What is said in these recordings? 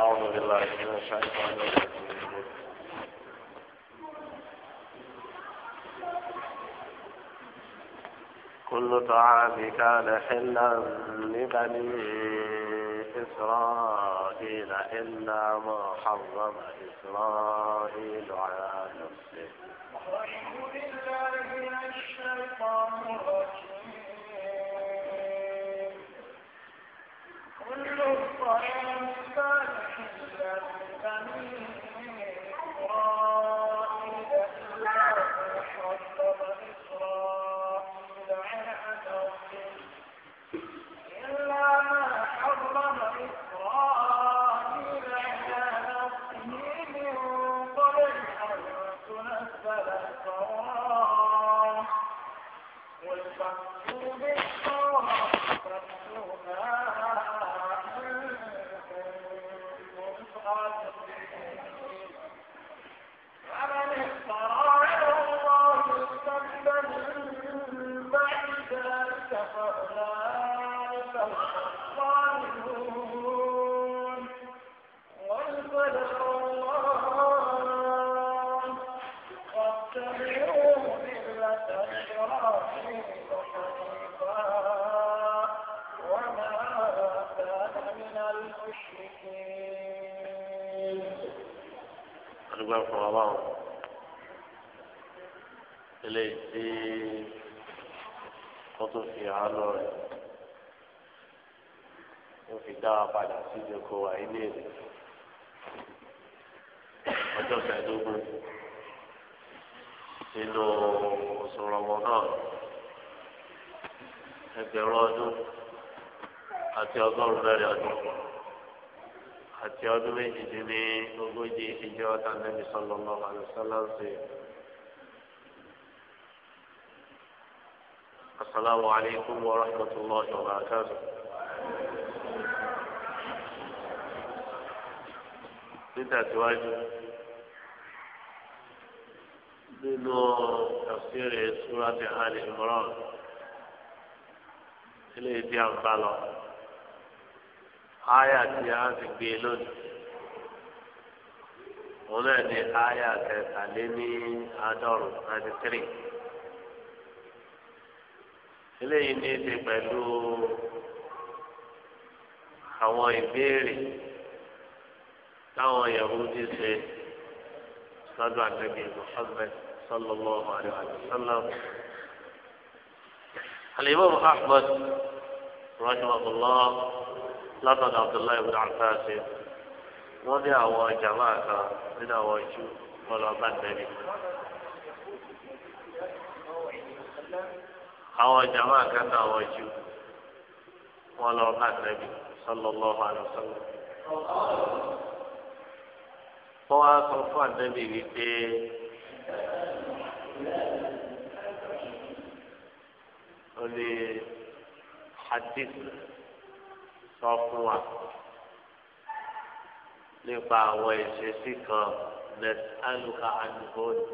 أعوذ بالله من الشيطان الرجيم كل طعام كان حلا لبني إسرائيل إلا ما حرم إسرائيل على نفسه أعوذ بالله من الشيطان الرجيم كل الطعام كان Thank you. dúpẹ́ fún ọlọ́run ilé tí ó tún fi àánú rẹ̀ ó fi dá wa padà sí ìjókòó wa ilé rẹ̀ ọjọ́ kẹẹ̀ẹ́dógún nínú oṣù Ramadan ẹgbẹ̀rún ọdún àti ọgọ́rùn-ún ọdún àti ọdún méjìdín ní ogójì ìjọ tàbí sọlọmọ àlùsọlọsì. السلام عليكم ورحمة الله وبركاته nítàsíwájú nínú tafsiri surati Ali Imran eléyìí tí a ń aya tí a fi gbé lónìí òun náà ní aya kẹtàléní àádọ́rùn ninety three eléyìí ní ti pẹ̀lú àwọn ìbéèrè táwọn Yahudi ṣe lọ́dọ̀ àgbẹ̀bí Muhammad sallallahu alayhi wa sallam. الإمام أحمد رحمه الله lọ́dọ̀ abdullahi ibn abbas wọ́n ní àwọn jàmáà kan nínú àwọn jù wọ́n lọ bá tẹ̀lé. àwọn jàmáà kan náà àwọn jù wọ́n lọ bá tẹ̀lé sallallahu alaihi wasallam. wọ́n wá sọ fún àtẹ́bí wípé ó lè hadith sọ fún wa nípa àwọn ìṣesí kan aluka àdìgbòdì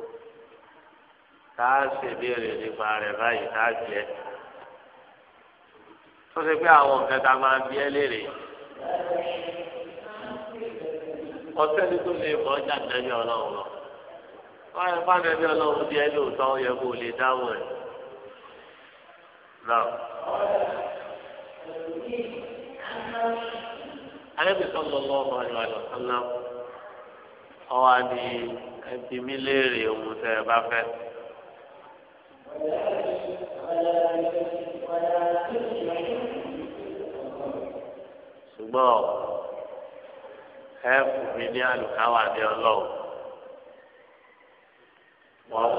tá a ṣe béèrè nípa rẹ̀ báyìí tá a jẹ tó ṣe pé àwọn nǹkan tá a máa bí ẹ léèrè ọsẹni tó lè bọ ọjà nẹbi Ọlọ́run lọ wọn yẹ fún nẹbi Ọlọ́run bí ẹ lóòótọ́ yẹ kó lè dáhùn ẹ náà alẹ́bí sọ́dọ̀ lọ́wọ́ ọ̀rọ̀ àlọ́ sọ́lá ọwọ́ àdì ẹbí mi léèrè ohun tẹ́ ẹ bá fẹ́. ṣùgbọ́n ẹ fún mi ní àlùkáwà ní ọlọ́run. wọ́n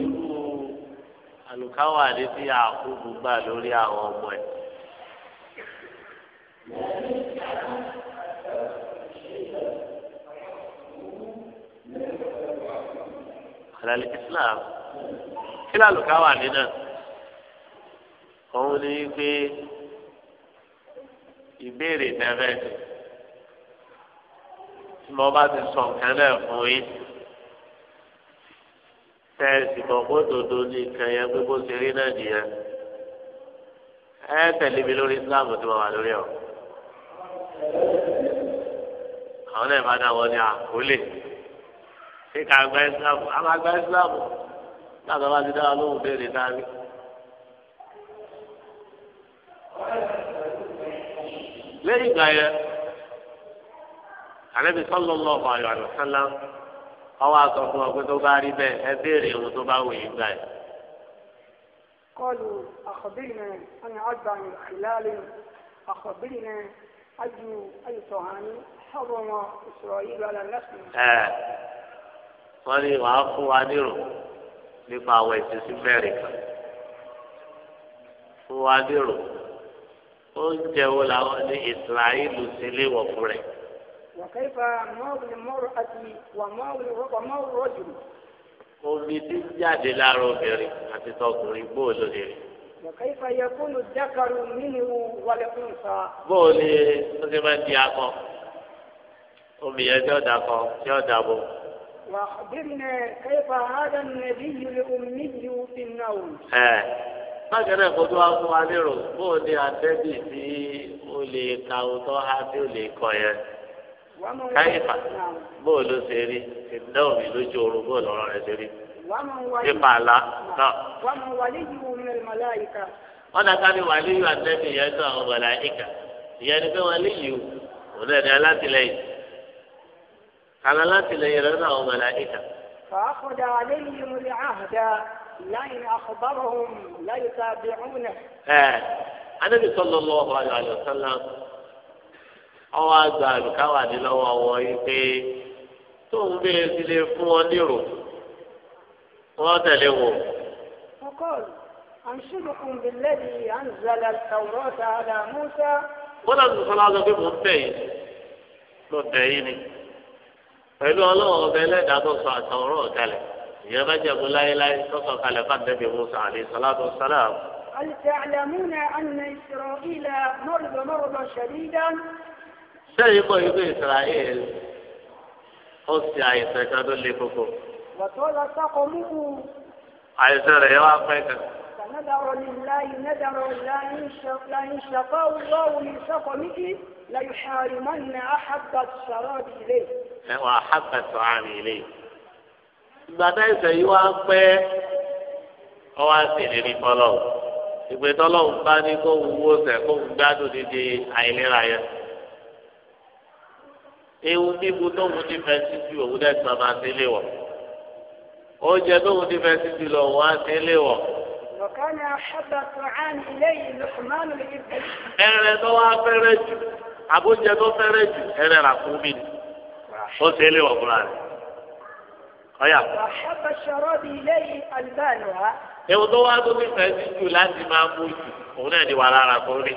irú àlùkáwà ní ti àkókò gbà lórí àwọn ọmọ ẹ̀ alali islam kila luka wà nínú òun ni pé ìbéèrè tẹ́fẹ́ tí mo bá ti sọ nǹkan náà fún yín tẹ́ẹ̀sì mọ̀ kó dodo ní nǹkan yẹn pé bó ṣe rí náà nìyẹn ẹ tẹ̀lé mi lórí islam tí mo wà lórí ọ̀. àwọn náà bá dáwọ́ ni àkólé ìsìlámù a máa gba ìsìlámù láti wá ti dáwọ́ lóhùn béèrè dání. lẹ́yìn ìgbà yẹn àlẹ́bí sallallahu alaihi wasallam ọwọ́ àtọ̀ fún ọgbẹ́ tó bá rí bẹ́ẹ̀ ẹ béèrè ohun tó bá wù yín gbà yẹn. قالوا أخبرنا أن أتبع من خلال أخبرنا أي wọ́n ní wàá fún wa nírò nípa àwọn ìṣesí mẹ́rin kan fún wa nírò oúnjẹ wo làwọn ní ìsirahílù ti léwọ̀ fún rẹ̀. wàkẹ́fà mọ́ọ̀lù mọ́ọ̀lù àti wàmọ́ọ̀lù mọ́ọ̀lù rọ́jù. omi ti jáde lára obìnrin àti tọkùnrin bóòlù lè rí. wàkẹ́fà yẹ ó ti máa di akọ. omi yẹn tí ó da tí ọ! وأخبرنا كيف هذا النبي الأمي في النوم. bákan náà kó tó ka òótọ́ ha tí o kọ yẹn. káyìfà bó o náà. yẹn tó àwọn ìyẹn ni pé àwọn alátìlẹyìn rẹ̀ náà wọn mọ̀lá ìkà. fàákọ̀dà àlẹ́yìn orí àhùdá láyìn àkọ́bárọ̀hún láyìn tàbí ọ̀hún. ẹ anábì sọlọ lọ́wọ́ àlọ́ sọ́lá ọwọ́ àgbà àlùkáwà ní lọ́wọ́ wọn yìí pé tóun bẹ́ẹ̀ ti lè fún wọn nírò wọ́n tẹ̀lé wọn. أنشدكم بالذي أنزل التوراة على موسى. ولا تصلى على بيبهم بعيد. بعيد. pẹ̀lú ọlọ́wọ́ ọbẹ̀ ẹlẹ́dàá tó sọ àtàwọn ọ̀kalẹ̀ ìyẹn bá jẹ̀bú láéláé tó sọ kalẹ̀ fàdébí musa alayhi salatu wa salam. هل تعلمون أن إسرائيل مرض مرضا شديدا؟ شيخ ابن إسرائيل أسي عيسى كانوا اللي فوقه وطال سقمه عيسى ريوا فيك فنذر لله نذر لا ينشق الله من سقمه ليحارمن أحب الشراب إليه ẹ wà hábàtọ̀ àrùn ilé ìgbà táìsẹ̀ yìí wá pẹ́ ọwọ́ àtìlérí fọlọ́ ìpè tọ́lọ́hùn bá ní kó wúwo sẹ̀ kó ń gbádùn dídí àìlera yẹn ewu níbu tóun ti fẹ́ sí ju òun dẹ́gbà máa ti lé wọ̀ oúnjẹ tóun ti fẹ́ sí ju lọ wọ́n á ti lé wọ̀. ẹrẹ tó wá fẹ́rẹ̀ jù àbójẹ tó fẹ́rẹ̀ jù ẹrẹ rà ni. ó ṣe é lè wọ̀ fúnra rẹ̀ ọ̀yà. ewu tó wá tó fífẹ́ sí jù láti máa mú jù òun náà ni wàhálà ara kò rí.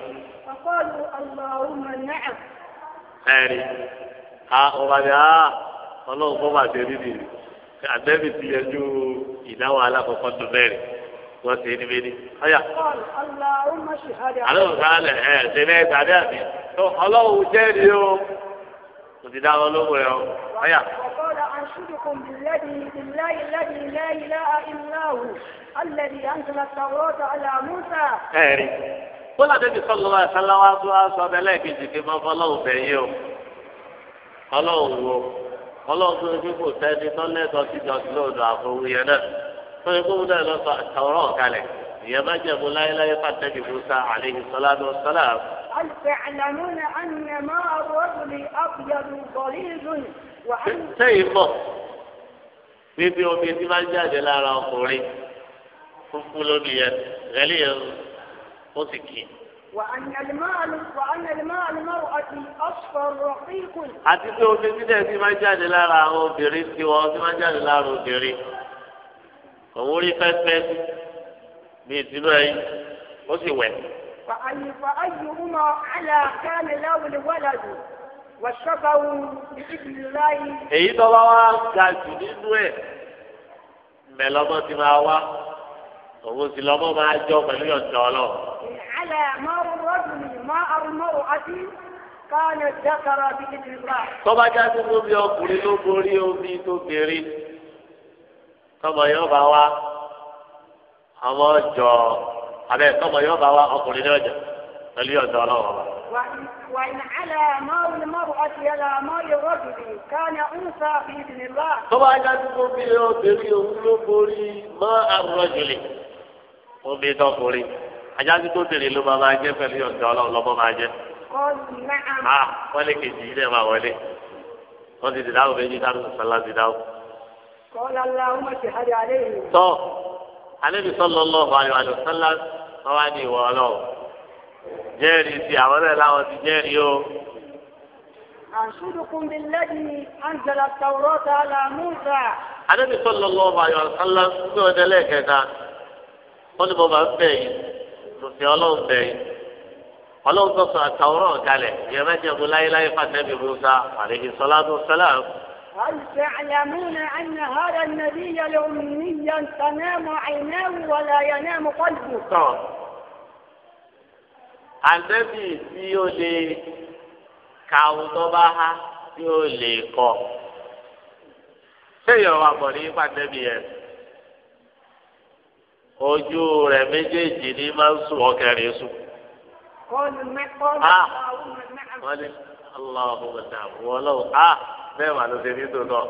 ẹ̀rí a ọba ni a ọlọ́run kọ́ máa kò sì dáwọ́ lóko rẹ o. ọ̀yà. ọ̀kọ́lá àṣùdùkùn bìlẹ́dì bìláyì lẹ́dì lẹ́yìn láà ìnáwó alẹ́dì àǹtẹ̀lá sàwọ́tà àlàmúsà. ẹ rí bọ́lá débi sọ́kùnrin wa sáláwá tó a sọ abẹ́ lẹ́ẹ̀kejì pé mọ́ fọlọ́hùn bẹ̀ yé o ọlọ́hùn wo ọlọ́hùn tó fi kò sẹ́ni tọ́lẹ́tọ̀ sí lóòdù àfọwúyẹ náà tó yẹ kó náà lọ هل تعلمون أن ماء الرجل أبيض غليظ وأن سيفه níbi omi tí máa ń jáde lára ọkùnrin fúnfún lómi yẹn rẹ́lí yẹn ó sì kì í. àti pé omi sílẹ̀ tí máa ń jáde lára àwọn obìnrin tiwọn tí máa ń jáde lára obìnrin òun rí fẹ́fẹ́ bíi ìdílé ẹyin ó sì wẹ̀. فأي فأيهما على كان له الولد والشفع بإذن الله èyí tó bá wá ga jù nínú ẹ̀ bẹ́ẹ̀ lọ́mọ ti máa wá òun sì lọ́mọ máa jọ pẹ̀lú ọ̀dọ́ ọlọ́. على ما الرجل ما المرأة كان الذكر بإذن الله. tó bá já sí fún mi ọkùnrin ló borí omi tó kéré tọmọ yóò bá wá ọmọ jọ abẹ́ tọmọ yóò bá wa ọkùnrin náà jà pẹ̀lú ọ̀dọ́ ọlọ́wọ́ wa. tó bá yá tó bí obìnrin òun ló borí mọ́ àrùrọ̀jùlẹ̀ obìnrin tọkùnrin ajá tó tó tèrè ló máa máa jẹ́ pẹ̀lú ọ̀dọ́ ọlọ́wọ́ lọ́mọ máa jẹ́. wọ́n lè kejì ilé máa wọlé wọ́n ti dìdáwó méjì dáhùn sọ́lá dìdáwó. kọ́ alẹ́bi sallallahu alaihi wasallam wọ́n wá ní ìwọ ọlọ́wọ́ jẹ́rìí sí àwọn náà láwọn ti jẹ́rìí o. أنشدكم بالذي أنزل التوراة على موسى. النبي صلى الله عليه وسلم يقول لك هذا قل بابا بيت نسي الله بيت ọlọ́run tó sọ àtàwọ̀rọ̀ kalẹ̀ ìyẹn mẹ́tẹ̀ẹ̀kú láéláé fàtẹ́bí musa àlejò sọlá tó sẹlẹ̀ هل تعلمون أن هذا النبي الأمي تنام عيناه ولا ينام قلبه؟ طبعا النبي يولي كاوتوبها يولي كو sẹ́yìn ọba bọ̀ ní pàtẹ́bí yẹn ojú rẹ̀ méjèèjì ní máa ń sùn ọkẹrin sùn. kọ́ọ̀lù mẹ́kọ́ọ̀lù àwọn ọmọ náà. wọ́n ní aláwọ̀ ọ̀dà wọ́n lọ́wọ́. Ah bẹ́ẹ̀ wà ló ṣe ní tòótọ́.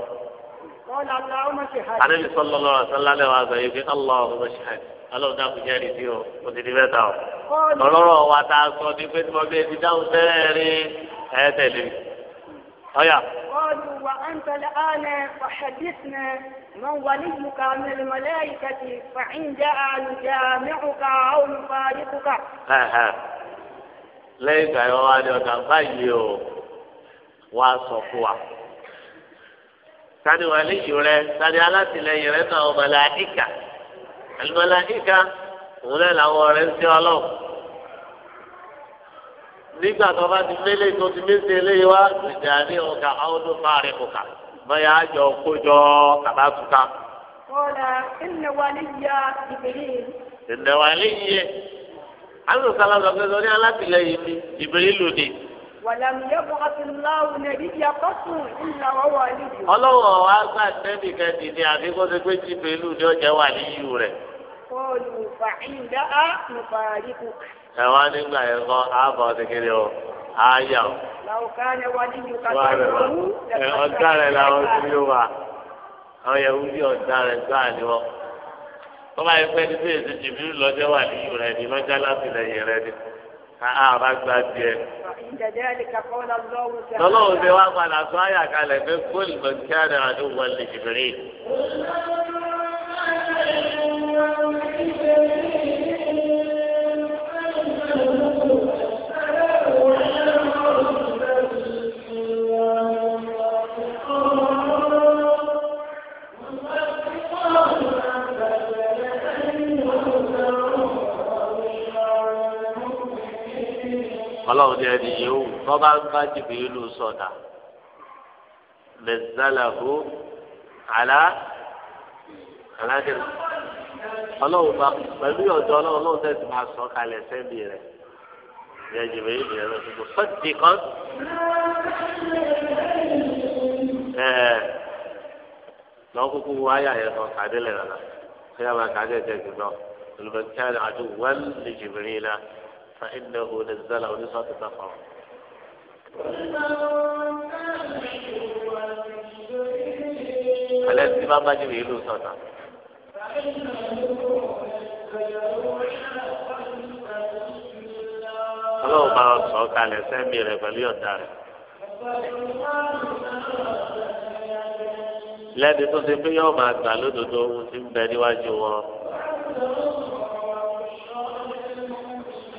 àdébí sọlọ lọrọ sọlá lẹwà sọ yìí pé ọlọ́run ló ṣe àìsàn ọlọ́run dákun jẹ́rìí sí o o ti di mẹ́ta o. ọlọ́rọ̀ wa ta sọ ní pé tí wọ́n bẹ dáhùn sẹ́rẹ̀ ẹ tẹ̀lé mi. ọ̀yà. قالوا وأنت الآن فحدثنا من وليك من الملائكة فإن جاء نجامعك أو نفارقك. lẹ́yìn ìgbà yẹn wá ní ọ̀dà báyìí o wá sọ fún wa sani wàlíyù rẹ sani alátìlẹyìn rẹ náà màláíkà àlùmàláíkà òun náà làwọn ọ̀rẹ́ ń ṣe ọlọ́run nígbà tó bá ti mélé tó ti mí se léyìí wá ìjà ní ọkà ọdún fáre kọkà báyà àjọ kójọ àbátúkà. kọ́lá ìnà wàlíyà ìbéèrè. ìnà wàlíyà alùsàlámù ọ̀gbẹ́sọ̀ ní alátìlẹyìn mi ìbéèrè lòdì ọlọ́wọ́ wa gbà sẹ́ẹ̀dì kẹ́ẹ̀dì ni àbí kó ṣe pé jìbìlú ni ó jẹ́ wà níyù rẹ̀. ẹ̀wọ́n nígbà yẹn kọ́ ààbọ̀ ti kiri o ààyà o. ọ̀gá rẹ̀ làwọn ti ló wà àwọn yẹn wúlí ọ̀gá rẹ̀ gbáà ni wọ́n. wọ́n bá yẹ pé ẹni tó ti jìbìlú lọ́jọ́ wà níyù rẹ̀ ni lọ́jọ́ láti lẹ́yìn rẹ̀ ni. فعند ذلك قول الله تعالى الله الأصايا قال من كل من كان عدوا لجبريل ọlọ́run ní ẹni yìí wù tó bá ń bá sọ̀dà àlá ọlọ́run bá pẹ̀lú ọlọ́run lóun tẹ̀sí máa sọ kalẹ̀ rẹ̀ ní kan lọ́wọ́ kúkú wáyà yẹn kàdé kí máa kàdé ẹ̀jẹ̀ olùbẹ̀kẹ́ àdúgbò jìbìrì náà. فإنه نزل لصوت النفر الذي ما بجي بيلو صوتا ọlọ́run bá ọ sọ kalẹ̀ sẹ́mi rẹ̀ pẹ̀lú ọ̀dà rẹ̀. lẹ́ni tó ti pé yóò máa gbà lódodo ohun tí ń bẹ níwájú wọn.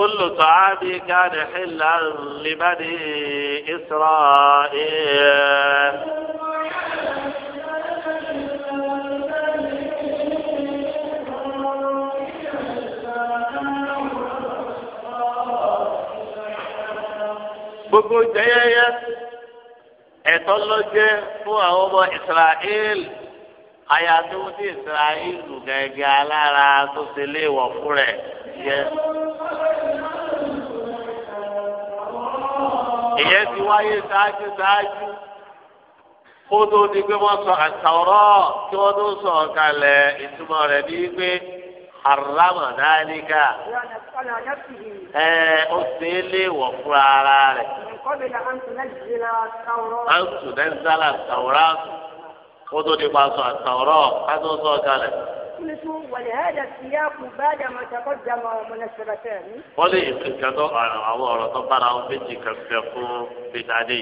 كل طعام كان حلا لبني إسرائيل gbogbo jẹyẹyẹ ẹ̀tọ́ ló jẹ́ fún àwọn ọmọ Israel àyàtọ̀ tí Israel gẹ́gẹ́ alára tó ṣe léèwọ̀ fún rẹ̀ yẹ. ìyẹn ti wáyé ṣáájú ṣáájú kó tó di pé wọ́n sọ àtàwọ̀rọ̀ kí wọ́n tó sọ kalẹ̀ ìtumọ̀ rẹ̀ ní pé àrùlámọ̀ dáníkà ẹ ó ṣe é léèwọ̀ fún ara rẹ̀. àǹtù nẹ́ńsálà àtàwọ̀rọ̀ kó tó di pa sọ àtàwọ̀rọ̀ ká tó sọ kalẹ̀. المفلس ولهذا السياق بعد ما تقدم مناسبتان. wọ́n lè ìpèkàtọ́ àwọn ọ̀rọ̀ tó bára wọn méjì kẹfẹ́ fún bídádé.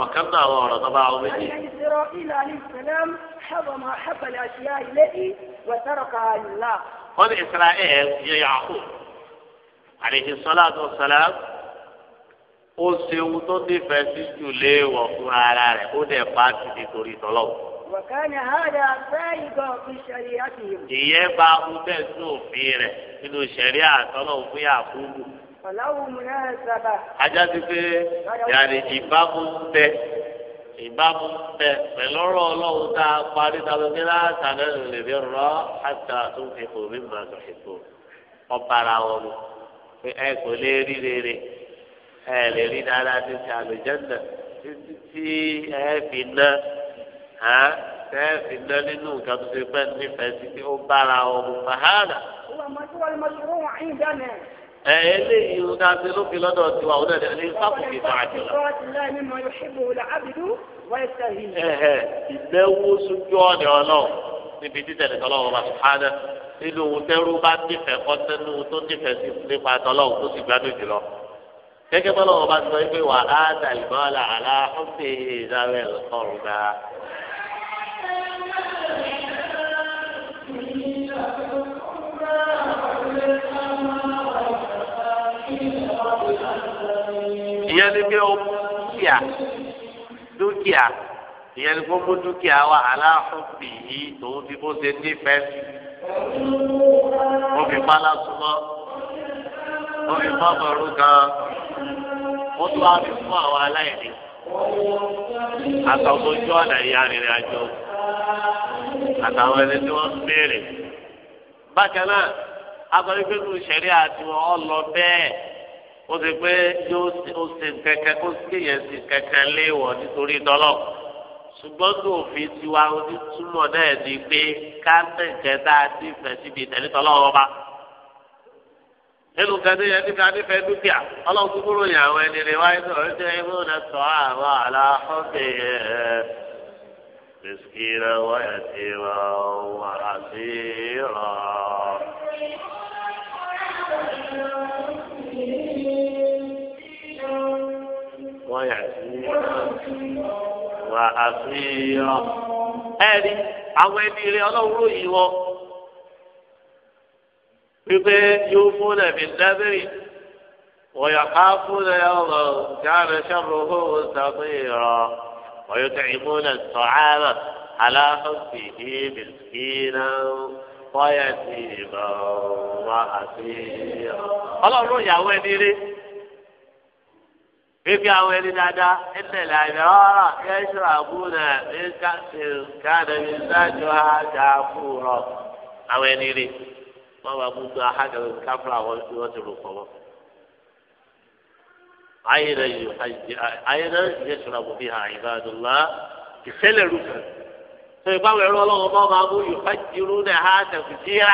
وكم هو طبعا ومدي أن إسرائيل عليه السلام حرم أحب الأشياء التي وتركها لله قل إسرائيل يا يعقوب عليه الصلاة والسلام ó ṣeun tó nífẹ̀ẹ́ sí jù léèwọ̀ fún ara rẹ̀ ó dẹ̀ bá ti nítorí tọ́lọ́wọ́. وكان هذا سائغا في شريعتهم ìyẹn bá mú bẹ́ẹ̀ sí òfin rẹ̀ nínú ṣẹ̀ríà àtọ́nà òfin àkúrú. ọ̀làwù múnásàbà. ajá ti pé yàrá ìbámu ń bẹ ìbámu ń bẹ pẹ̀lú ọ̀rọ̀ ọlọ́run tá a parí tàbí kí látàdé lè fi rọ́ àtà tó fi kò rí màá ọba ara wọn mu pé ẹ kò lè rí rere ẹ lè rí dáadáa ti ṣàlùjẹ́ náà títí ẹ fi náà hàn sẹ́ẹ̀fì lọ nínú nǹkan tó ṣe pẹ́ nífẹ̀ẹ́ sí pé ó bára ọmọ fàhánà. ẹ eléyìí ló dáa sí lókè lọ́dọ̀ tiwa ọ̀dọ̀ ẹ̀ ní sábùkì tó àjọ lọ. ìbẹ́wò sójú ọ̀nà ọlọ́run níbi títẹ̀lé tọ́lọ́run bá fàhánà nínú ohun bá nífẹ̀ẹ́ kọ́ sẹ́nu tó nífẹ̀ẹ́ sí nípa tọ́lọ́run tó sì gbádùn jùlọ gẹ́gẹ́ bọ́lá bá sọ ìyẹn ni pé ó mú dúkìá dúkìá ìyẹn ni kó mú dúkìá wa aláàfọ̀bì yìí tòun ti bó ṣe nífẹ̀ẹ́ sí ó fi pálá súnmọ́ ó fi fọ́bọ̀rú gan ó tún á fi fún àwọn aláìní àtàwọn ojú ọ̀nà ìyá rìnrìn àjò àtàwọn ẹni tí wọ́n ń béèrè bákan náà agbẹ́rẹ́gbẹ́rún ìṣẹ̀rí àti wọn ọ lọ bẹ́ẹ̀ ó ti pé yóò ó ṣe kẹ̀kẹ́ ó sì yẹ sí kẹ̀kẹ́ léèwọ̀ nítorí dọ́lọ́ ṣùgbọ́n tó fi tiwa onítúmọ̀ náà ni pé káńtẹ̀ǹkẹ́ tá a ti fẹ̀ síbi ìtẹ̀lítọ́ lọ́wọ́ bá nínú kẹtẹ yẹn ti ká nífẹ̀ẹ́ dúkìá ọlọ́run kúkúrú yẹn àwọn ẹni rẹ wáyé sọ̀rọ̀ ṣe é mú sọ àwọn aláhọ́bẹ̀ ẹ̀ bisikira wáyà ti rọ wà á sí rọ. ويسيرا وأخيرا ẹ̀rí àwọn ẹni rẹ ọlọ́run yìí wọ́n wípé yóò fún ẹ̀mí dábìrì wọ̀yọ̀ká fún ẹ̀rọ jáde sọ́rọ̀ owó sàmìrọ̀ wọ̀yọ̀ká ìmúlẹ̀ sọ̀hárà aláhùnsì yìí bìsìkìnà wọ́yà sí ìbọn wọ́n àti ọlọ́run ìyàwó ẹni rẹ. fífi àwọn ẹni dáadáa ẹnlẹ̀lẹ̀ àìlọ́rọ̀ yẹ́sọ̀ àbúrò ẹ̀ka kánàbí sáájú àjà fúrọ̀ àwọn ẹni rí wọn bá gbogbo àhàgàwé káfíńà wọn tí wọn ti rò pọ̀ mọ́. ayẹyẹ yẹ́sọ̀ àbúrò bí hàn ìbádùnlá ìfẹ́lẹ̀ rúfẹ́. sọ ìpamọ́ ẹ̀rọ ọlọ́wọ́ bá wọn máa mú yòókà jírú náà ha tẹ̀kùtìyà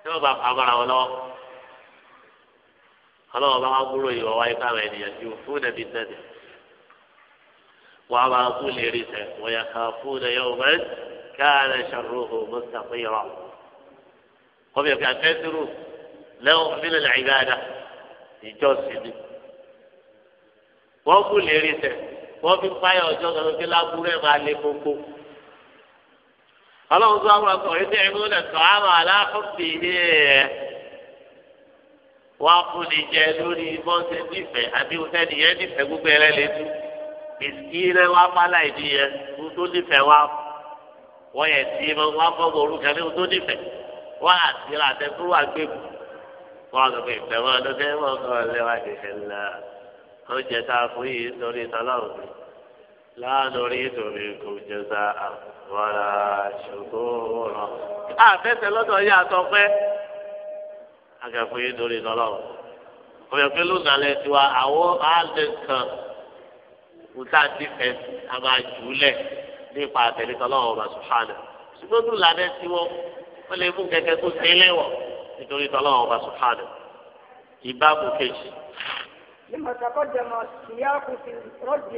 tí wọ́n bá fa agbára wọn lọ́wọ́. ọlọ́wọ́ bá wá gbúrò ìwà wáyé káwọn ènìyàn ju fún ẹbí tẹ̀lé wọ́n á máa kú lè rí sẹ́ wọ́n yà ká fún ẹyọ mẹ́rin káàrẹ̀ ṣàrùhù mustaqira kọ́bí ẹ̀ka kẹ́sìrù lẹ́wọ̀n mílẹ̀ ìgbàdà ìjọsìn ni wọ́n kú lè rí sẹ́ wọ́n fi fáyà ọjọ́ kan kí lábúrò ẹ̀ máa lé koko ọlọ́run tó wá fún ni jẹ lórí bọ́ǹsẹ̀ nífẹ̀ẹ́ àbí oṣù ẹnìyẹn nífẹ̀ẹ́ gbogbo ẹrẹ lè tú bisikíìrẹ wá pálá ìdí yẹn ohun tó nífẹ̀ẹ́ wá wọ́n yẹ tí mo wá fọ́gbọ̀ orúkọ ní ohun tó nífẹ̀ẹ́ wá àti àtẹ fún wa gbé wọ́n á gbé ìfẹ́ wọn ló fẹ́ wọ́n kọ́ lẹ́wà akẹ́kọ̀ọ́ yìí lórí lọ́lọ́run ọ̀yọ̀ pé lónìí alẹ́ tiwa àwọn àlẹ́ kan kùtà ti fẹ́ a máa jù ú lẹ̀ nípa àtẹ̀lẹ́tọ̀ lọ́wọ́ ọba sùhánà ṣùgbọ́n tó lànà tiwọ́ wọ́n lè mú kẹ̀kẹ́ tó ṣe lẹ́wọ̀ nítorí tọ́lọ́wọ́ ọba sùhánà ìbámu kejì. lè mọ̀ sàkọ́ jẹ́ mọ̀ síyá kùsì rọ́ọ̀dì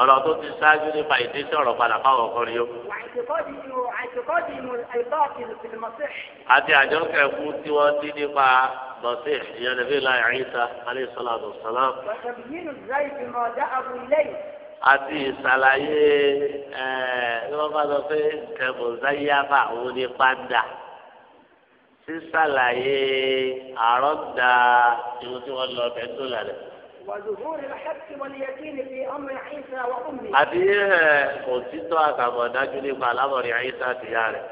ọ̀rọ̀ tó ti ṣáájú nípa ìdésí ọ̀rọ̀ padà fáwọn ọkùnrin yó. àti àjọ kẹfù tí wọ́n dín nípa bọ̀sí ìyànnẹ́bí láì àyíṣà aláìsọ́làdùn sàlám. àti ìṣàlàyé ẹ̀ ló bá sọ pé kẹmùzáyàfà òun ni pàǹdà sísàlàyé àrọ́dà ìwé tí wọ́n lọ bẹ́ẹ̀ tó lálẹ́ àbí òtítọ́ àtàbọ̀ dájú nípa alámọ̀rin àyíṣà tìyá rẹ̀.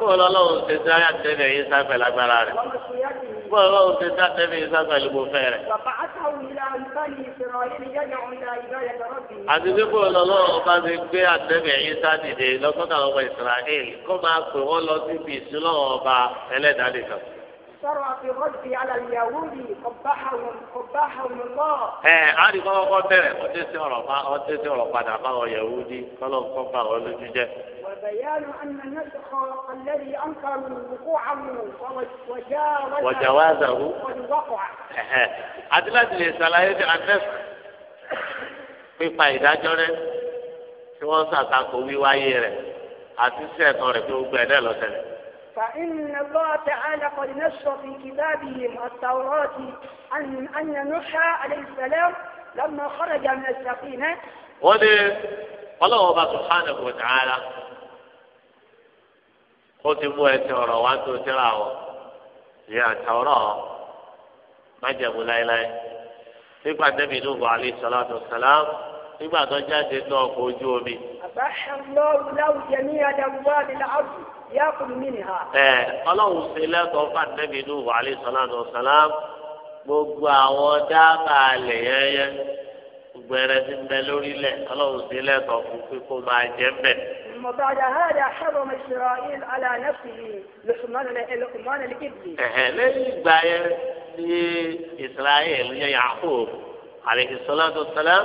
bó lọ́lọ́run ṣe dá àtẹ́lẹ̀ yín sáfẹ́ lágbára rẹ̀. bó lọ́lọ́run ṣe dá àtẹ́lẹ̀ yín sáfẹ́ lùgbòfẹ́ rẹ̀. àti bí bó lọ́lọ́run bá ti gbé àtẹ́lẹ̀ yín sádìde lọ́sọ́dọ̀ ọmọ ìsirahìl kó máa pè wọ́n lọ síbi ìsúná ọba ẹlẹ́dàá nìkan sọ̀rọ̀ àfihàn ala yahudi ọ̀báhàwùn ọ̀báhàwùn lọ. ẹ àdì kọ́ kọ́ bẹ̀rẹ̀ ọtí sí ọ̀rọ̀ pa ọtí sí ọ̀rọ̀ padà bá wọn yahudi kọ́lọ́ kọ́ bá wọn lójú jẹ́. wàbẹ̀yánu ananásọ̀kọ alẹ́bí ankaru kó àmú wọ̀jà wá zàwú. àti láti lè ṣàlàyé bí anẹ́f pípa ìdájọ́ rẹ̀ tí wọ́n ṣàtakò wíwáyé rẹ̀ àti sí ẹ̀tọ́ rẹ̀ pé gbogbo ẹ̀ náà lọ́sẹ̀ rẹ̀. فإن الله تعالى قد نشر في كتابه التوراة أن أن نوح عليه السلام لما خرج من السفينة ولي الله سبحانه وتعالى قلت مو التوراة وأنتم تراوا يا التوراة ما جابوا لا إله nígbà tẹ́bi ló wà alẹ́ sọláàtọ̀ sàlám nígbà tó jáde náà kò ojú omi. àbáṣà ẹ ọlọ́run ṣe lẹ́kọ̀ọ́ fàdébí inú wàhálì sọ́láàdùn sàlám gbogbo àwọn dábàá lẹ̀ yẹ́yẹ́ gbogbo ẹrẹ ti ń bẹ lórílẹ̀ ọlọ́run ṣe lẹ́kọ̀ọ́ fún kíkó máa jẹ́ mbẹ́. مبعد هذا حرم إسرائيل على نفسه لحمان لقمان الإبلي. lẹ́yìn ìgbà yẹn ní Israel yẹn Yaqub alayhi salatu wa salam.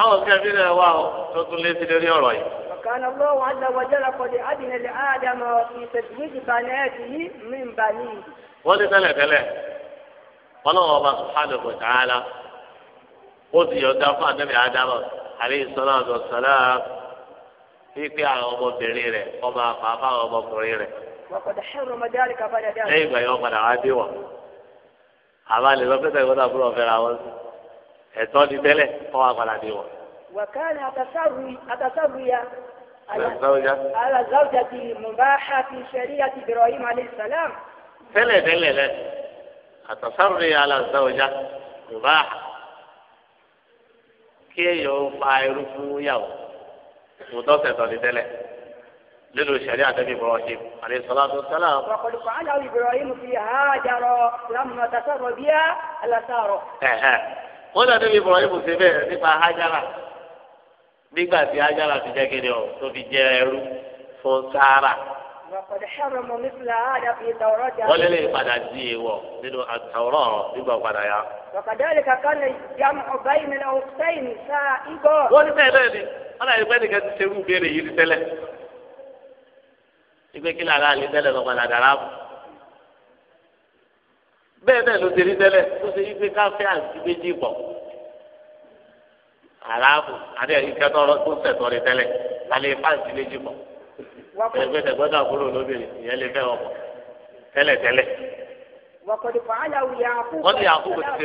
ahụke di naewe ahụ cọtụla ezidodị ọrọ ya odịalaekele ọlụọọmaa na bodo aara otu yi ta padomi adamos ara so nazụ ụtara a ikpị aghụbere ọmaa ụrire ịgbanye ọ ẹ̀tọ́ ni tẹ́lẹ̀ kọ́ wa padà dé wọ̀. وكان أتسري أتسري على الزوجة على الزوجة مباحة في شريعة إبراهيم عليه tẹ́lẹ̀ tẹ́lẹ̀ lẹ atasawu ya alazawuja الزوجة مباحة kí èèyàn fa irú fún yàwó ìwòtọ́ sẹ̀tọ̀ ní tẹ́lẹ̀ lílo ìṣẹ̀lẹ̀ àtẹ́bí Ibrahim àdéṣọláṣọ sẹ́lá. ọ̀pọ̀lọpọ̀ kò aláwọ̀ Ibrahim fi hàájà rọ lámùnà tàṣà rọ̀ bíyà alásàrọ̀. wọ́n dàbí bí Ibrahim ṣe bẹ́ẹ̀ nípa Hajara nígbà tí Hajara ti jẹ́ kéde ọ̀ tó fi jẹ́ ẹrú fún Sárà. wọ́n lé lè padà di èèwọ̀ nínú àtàwọ̀rọ̀ nígbà padà yá. wọ́n ní bẹ́ẹ̀ bẹ́ẹ̀ ni wọ́n náà ìgbẹ́ nìkan ti ṣerú ìbéèrè yìí tẹ́lẹ̀ ìgbẹ́ kí tẹ́lẹ̀ lọ́kọ̀ bẹ́ẹ̀ náà ló ti rí tẹ́lẹ̀ ó ṣe yí pé káfíń àti méjì pọ̀ aláàbò àti ẹ̀yìn kẹtọ́ tó sẹ̀tọ́ rí tẹ́lẹ̀ alẹ́ fáǹsì méjì pọ̀ ẹgbẹ́ tẹ̀gbọ́dọ̀ àbúrò lóbìnrin ìyẹn lè fẹ́ ọkọ̀ tẹ́lẹ̀ tẹ́lẹ̀ wọ́n ti àkókò ti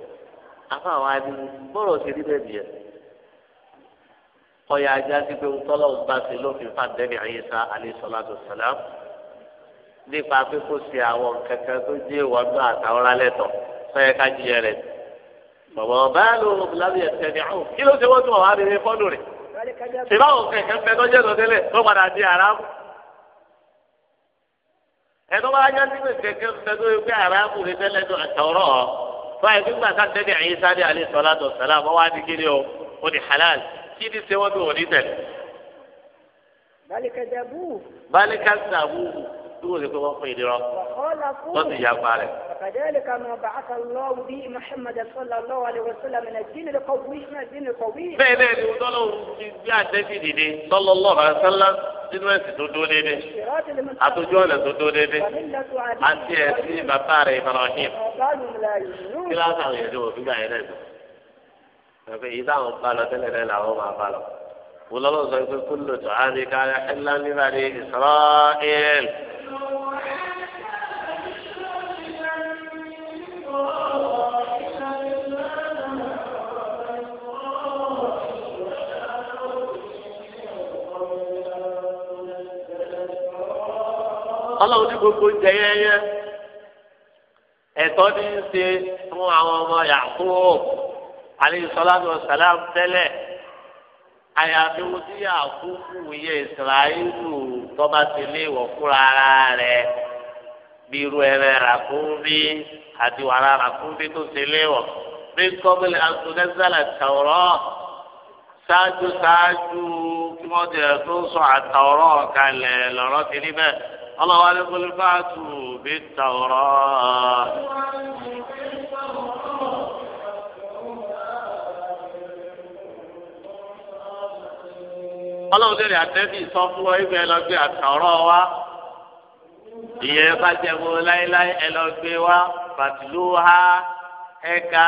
àfa wa ni bọ́rọ̀ ṣe rí bẹ́ẹ̀ nìyẹn ọ̀yà ajá sí pé ńtọ́lọ́ ń bá ṣe lófin fàdẹ́nì àyíṣà àlẹ́sọ̀làdù sàlám nípa pé kó ṣe àwọn kankan tó jẹ́ ìwà náà àtàwọn alẹ́tọ̀ sọ́yẹ́ ká jíyẹ rẹ̀ bàbá ọba ló ń lábí ẹsẹ̀ ní àwọn kí ló ṣe wọ́n tún wà wá rere rẹ̀ ṣèlú àwọn kankan fẹ́ tó jẹ́ lọ́tẹ́lẹ̀ tó padà di àràmù ẹ̀tọ́ bá yá pé kankan fẹ́ tó tó báyìí nígbà tá a tẹ́lẹ̀ ayé sáré alẹ́ sọlá tó sọlá wọ́n wá di kíni o ó di halal kí ni ṣe wọ́n bí wọ́n ní tẹ̀lé. balikadabu. balikadabu dúró de pé wọ́n fún ìdírọ́ wọ́n sì yá pa rẹ̀. فذلك ما بعث الله به محمد صلى الله عليه وسلم من الدين القوي من الدين القوي بين ودولو في صلى الله عليه وسلم nínú ẹsìn tó dúró déédéé àtòjú ọ̀nà tó dúró déédéé àti ẹsìn bàbá rẹ̀ Ibrahim kí lásán àwọn èèyàn tí wọ́n fi gbà yẹn náà dùn ẹ̀fẹ̀ yìí táwọn bá lọ tẹ́lẹ̀ náà làwọn máa bá lọ wọlọ́wọ́ sọ pé kúlò tó á káyà ẹ̀lá nígbà ní Israel. ọlọ́run ní gbogbo jẹ́yẹ́yẹ́ ẹ̀tọ́ ní í ṣe fún àwọn ọmọ Yakubu aleyhisalatu wasalam tẹ́lẹ̀ àyàfi wo tí Yakubu yẹ Israẹlu tọ́ba ti lé wọ̀ fúnra ara rẹ̀ bí irú ẹrẹ ràkúnbí àti wàrà ràkúnbí tó ti lé wọ̀ bí kọ́bílẹ̀ àtúndẹ́sẹ̀lẹ̀ tẹ̀wọ́rọ́ ṣáájú ṣáájú kí wọ́n ti rẹ̀ tó sọ àtàwọ́rọ́ kalẹ̀ lọ́rọ́ ti níbẹ̀ ọlọ́wọ́ alẹ́kọ̀ọ́ lè fà tù bí tàwọ̀rọ̀. ọlọ́run tẹ̀lé àtẹ́bí sọ fún ọ ibẹ̀ lọ gbé àtàwọ̀rọ̀ wa ìyẹn bá jẹ́mu láéláé ẹ lọ gbé wa bàtìlú ha ẹ̀ka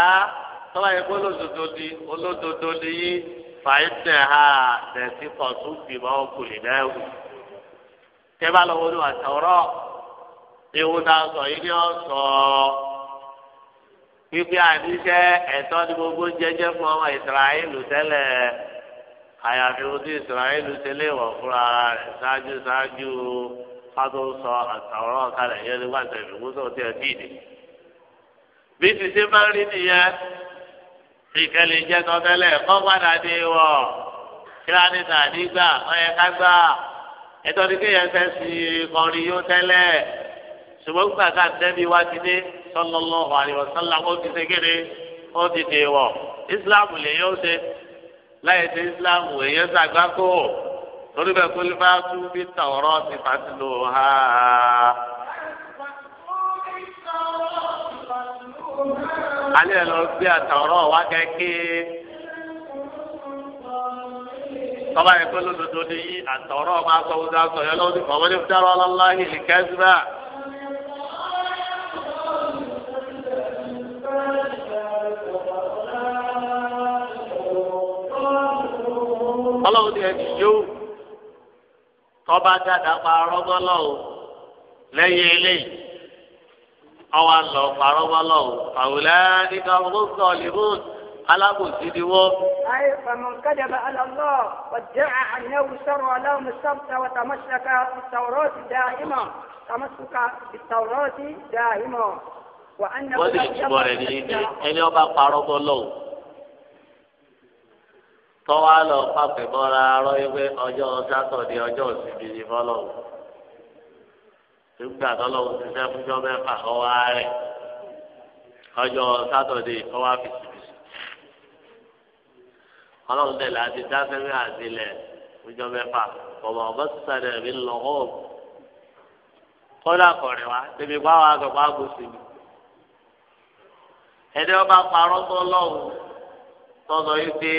tọ́lá yẹ kó olódodo di olódodo di yí fàyẹ̀tẹ̀ ha tẹ̀sí kọ̀tún bímọ kùlì náà wù tẹ bá lọ wọlé àtọrọ ewu ta sọ yìí ni ọ sọ pípé àníṣe ẹ̀tọ́ ni gbogbo jẹjẹ fún ọmọ ìsirahélu tẹ́lẹ̀ àyàfi ohun tí ìsirahélu tẹ́lẹ̀ wọ fúnra rẹ̀ ṣáájú ṣáájú kátó sọ àtọrọ kalẹ̀ yẹn ní wàtí ìfowópamọ́ tí ẹ bí ni bí ti ṣe máa ń rí nìyẹn ìkẹlẹ jẹ tọtẹlẹ kọ padà dé wọ kíláníta nígbà ọyẹ kágbà ẹ̀tọ́ ni kéèyàn fẹ́ sí kọrin yóò tẹ́lẹ̀ ṣùgbọ́n gbà ká tẹ́bi wá ti dé sallallahu alaihi wasallam ó ti ṣe kéde ó ti dè wọ̀ ìsìláàmù lèyìn ó ṣe láyé ṣe ìsìláàmù èyàn ṣàgbákò torí bẹ́ẹ̀ kó lè bá tún bí tàwọ́rọ́ ti fàtìlò ha. alẹ́ lọ gbé àtàwọ́rọ́ wá kẹ́kẹ́ tọ́ba yẹn pé lódodo ni yí àtọ̀rọ̀ máa sọ wọ́n sọ yẹn lọ́wọ́ sí ọmọ ní fúdàrọ̀ aláláhi ní kẹ́sìmá. ọlọ́run ti ẹni yóò tọ́ba dáadáa pa arọ́gbọ́lọ́ o lẹ́yìn eléyìí ọwọ́ àlọ́ pa arọ́gbọ́lọ́ o àwòlẹ́ nígbà ọgbọ́n sọ̀lì bóòtù alábòsí ni wọ́n. ayé faman kadaba ala Allah wa jẹ́ àyẹ̀wò sọ̀rọ̀ aláwọ̀ sọ̀tà wa tamasuka ìtàwọ́rọ́ọ̀tì dáhìmọ̀ tamasuka ìtàwọ́rọ́ọ̀tì dáhìmọ̀. wọ́n ti túbọ̀ rẹ̀ ní ẹni ọba parọ́ bọ́ lọ́wọ́ tọ́wá lọ pàpẹ́ mọ́ra arọ́ ẹgbẹ́ ọjọ́ sátọ̀dé ọjọ́ ìsinmi ni fọlọ́wọ́ nígbà tọ́lọ́wọ́ ti sẹ́fúnjọ́ mẹ́fà ọwọ́ ọlọ́run dẹ̀ láti dáfẹ́rẹ́ àdìlẹ̀ ìjọ mẹ́fà ọ̀bọ̀n ọ̀bọ̀n sísàdẹ̀ mi lọ hóm kọ́lá kọ̀rẹ́ wa tèmi pa wà gbọ̀ pa gòsì mi. ẹni ọba parọ́ tó lọ́wọ́ tọ́lọ́ yìí pé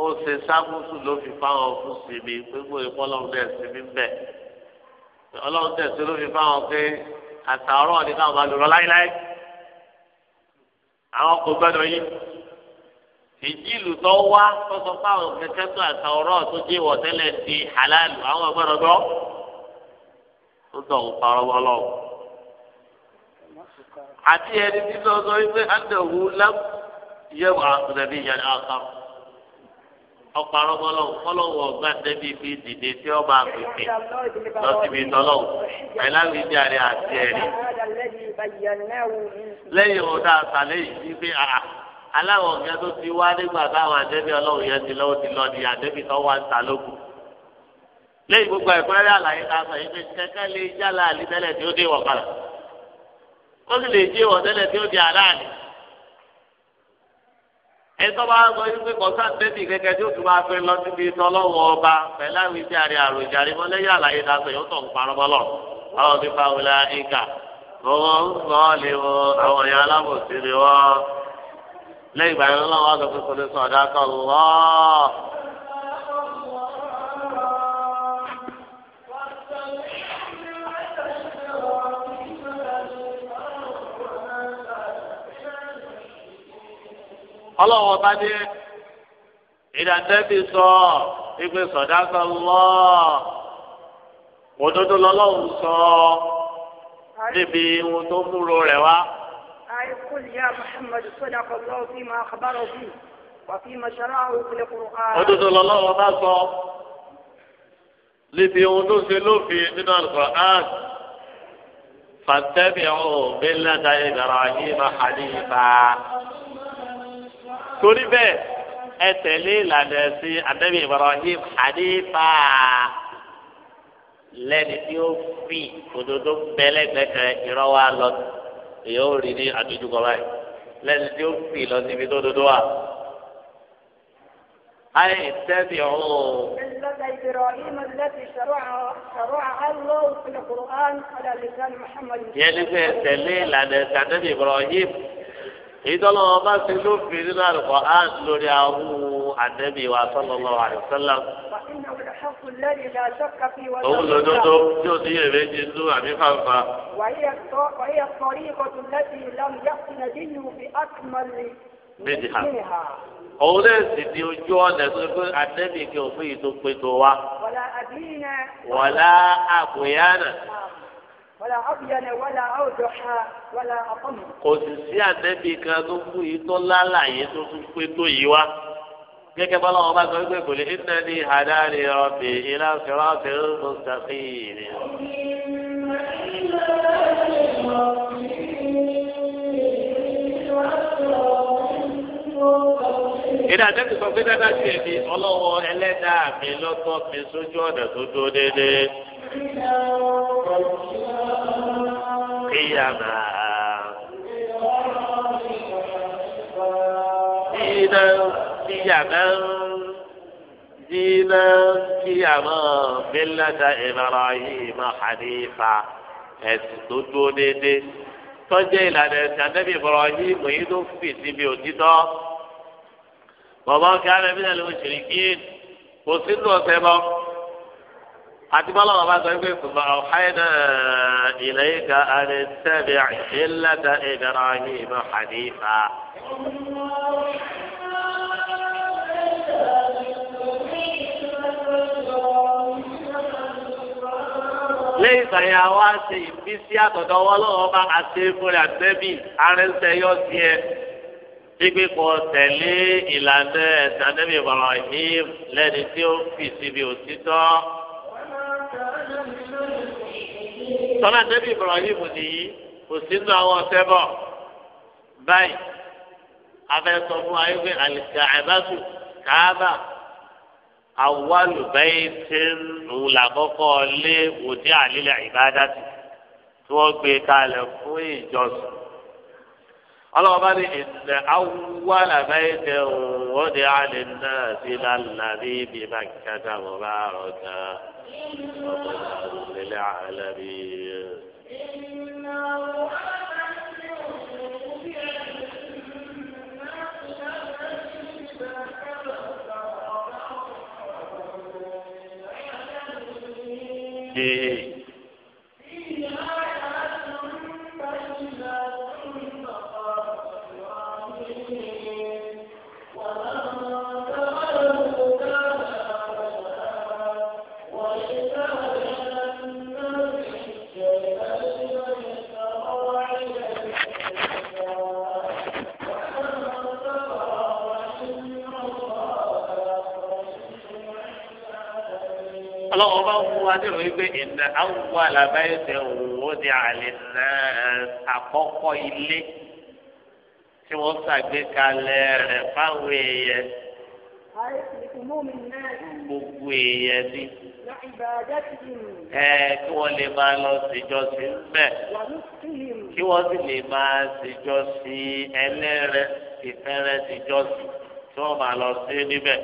ó ṣe sábùsù ló fi fáwọn fún sí mi gbogbo ìpọ́ ọlọ́run dẹ̀ sí mi bẹ̀ ọlọ́run dẹ̀ sí ló fi fáwọn pé àtàwọn ọ̀rọ̀ nìkan ìjìlù tó wá tó sọ fáwọn kẹkẹ tó àtà ọ̀rọ̀ tó jẹ ìwọ tẹ́lẹ̀ di halal àwọn ọgbọdọ gbọ tó tọ òkpa ọlọwọlọ àti ẹni tí lọ sọ wípé adàwù lẹm yẹwò àtúndàbí yẹn àkà ọkpa ọlọwọlọ fọlọwọ ọgbà débi fi dìde tí ọba àgbègbè lọ síbi tọlọwọ àìláwì ìdí àrẹ àti ẹni lẹ́yìn ọdọ àtàlẹyìn wípé àà. aláwọ̀ ọ̀gá tó ti wá nígbà táwọn àdébí ọlọ́run yẹn ti lọ́wọ́ ti lọ di àdébí tó wá ń ta lókun. lẹ́yìn gbogbo ẹ̀kúnrẹ́rẹ́ àlàyé ta sọ yìí pé kẹ́kẹ́ lè jálá àlítẹ́lẹ̀ tí ó dé ó sì lè jẹ́ ìwọ̀tẹ́lẹ̀ tí ó di àdáàlì. ẹ tó bá sọ yìí pé kọ́sá tẹ́tì kẹ́kẹ́ tí ó tún fẹ́ lọ síbi tọ́lọ́wọ́ ọba pẹ̀láwí tí àrẹ àròjàre lẹ́yìn ìgbà yẹn lọ́wọ́ sọ pé kò lè sọ ọ̀dà kan lọ́. ọlọ́wọ́ bá dé ìdàtẹ́bí sọ ìpè sọ̀dá kan lọ́ òdodo lọ́lọ́run sọ níbi ohun tó múro rẹ̀ wá. قل يا محمد صدق الله فيما أخبره فيه وفيما شرعه في القرآن حدث الله وبعضه لفي ودوس لوفي من القرآن فاتبعوا ملة إبراهيم حنيفا torí bẹ́ẹ̀ ẹ tẹ̀lé ìlànà ẹ̀sìn anabi ibrahim hanifa lẹ́ni tí ó fi òdodo bẹ́lẹ́gbẹ̀kẹ́ ìrọ́wá lọ́dún èyí ó rí ní àdójúkọ báyìí lẹ́nu tí ó fi lọ síbi tó dodo wa. ayé ìtẹ́bi ọ̀hún. ملة إبراهيم التي شرعها شرعها الله في القرآن على لسان محمد. yẹ́nì pé tẹ̀lé èyí tọ́lọ́ wọn bá ṣe lófin nínú àlùkò á lórí àwọn àdẹ́bí wa sallallahu alaihi wasallam. òun lòdodo tí ó ti yẹ méjì lú àmì fàǹfà. méjì ha òun náà sì di ojú ọ̀nà tó pé àdẹ́bí kí òfin yìí tó wa. wàlá àbúyá kò sì sí ànẹ́bí kan tó kú yìí tó lálàyé tó tún pé tó yìí wá gẹ́gẹ́ bá lọ́wọ́ bá iri na kò lè iná ìdá àtẹ́tù sọ pé dáadáa tiẹ̀ ni ọlọ́wọ́ ẹlẹ́dàá mi lọ́tọ́ mi sójú ọ̀nà tó dúró déédéé. قياما دينا قياما دينا قياما ملة إبراهيم حنيفا ẹsùn déédéé tọ́jẹ́ ìlànà ẹ̀sìn anábì ibrahim èyí tó fi síbi òtítọ́ bàbá ọ̀kẹ́ arẹ́bí náà ló ń ṣèlérí kí kò sínú ọ̀sẹ̀ bọ́ àti bá lọ́wọ́ bá sọ pé kùmà ọ̀háìnà ilayka an tattabi' millata Ibrahima hanifa. lẹ́yìn sàyà wa ṣe ìbísí àtọ̀dọ̀ wọn lọ́wọ́ bá àṣẹ fúnra àtẹ́bí arẹ́sẹ̀ yọ sí ẹ gbígbé kọ tẹ̀lé ìlànà ẹ̀sán nẹ́bí Ibrahim lẹ́ni tí ó fi síbi òtítọ́ tọ́lá nẹ́bí Ibrahim nìyí kò sínú àwọn ọ̀sẹ́bọ̀ báyìí afẹ́sọ fún ayélujára àlìkà àbáṣu káábà awálùbẹ́yì tí ń lù làkọ́kọ́ lé wòdí àlílẹ̀ ìbádàtì tí wọ́n gbé kalẹ̀ fún ìjọsìn ọlọ́ọ̀bá ní ìlẹ̀ awúwàlà báyìí tẹ òun ọdẹ alẹ́ náà sí lálàbí bíi màkàtà mọ̀ bá ọ̀gá ọ̀gbọ̀n lélẹ̀ àlàbí. Ee. ọlọ́wọ́ bá wù wá nínú wípé ìnà àwọn alábáyé tẹ òwò ní àlè náà àkọ́kọ́ ilé tí wọ́n ṣàgbékalẹ̀ rẹ̀ fáwọn èèyàn gbogbo èèyàn ni ẹ kí wọ́n lè máa lọ síjọ́sìn bẹ́ẹ̀ kí wọ́n sì lè máa síjọ́sìn ẹlẹ́rẹ̀ ìfẹ́rẹ́ síjọ́sìn tí wọ́n máa lọ sí níbẹ̀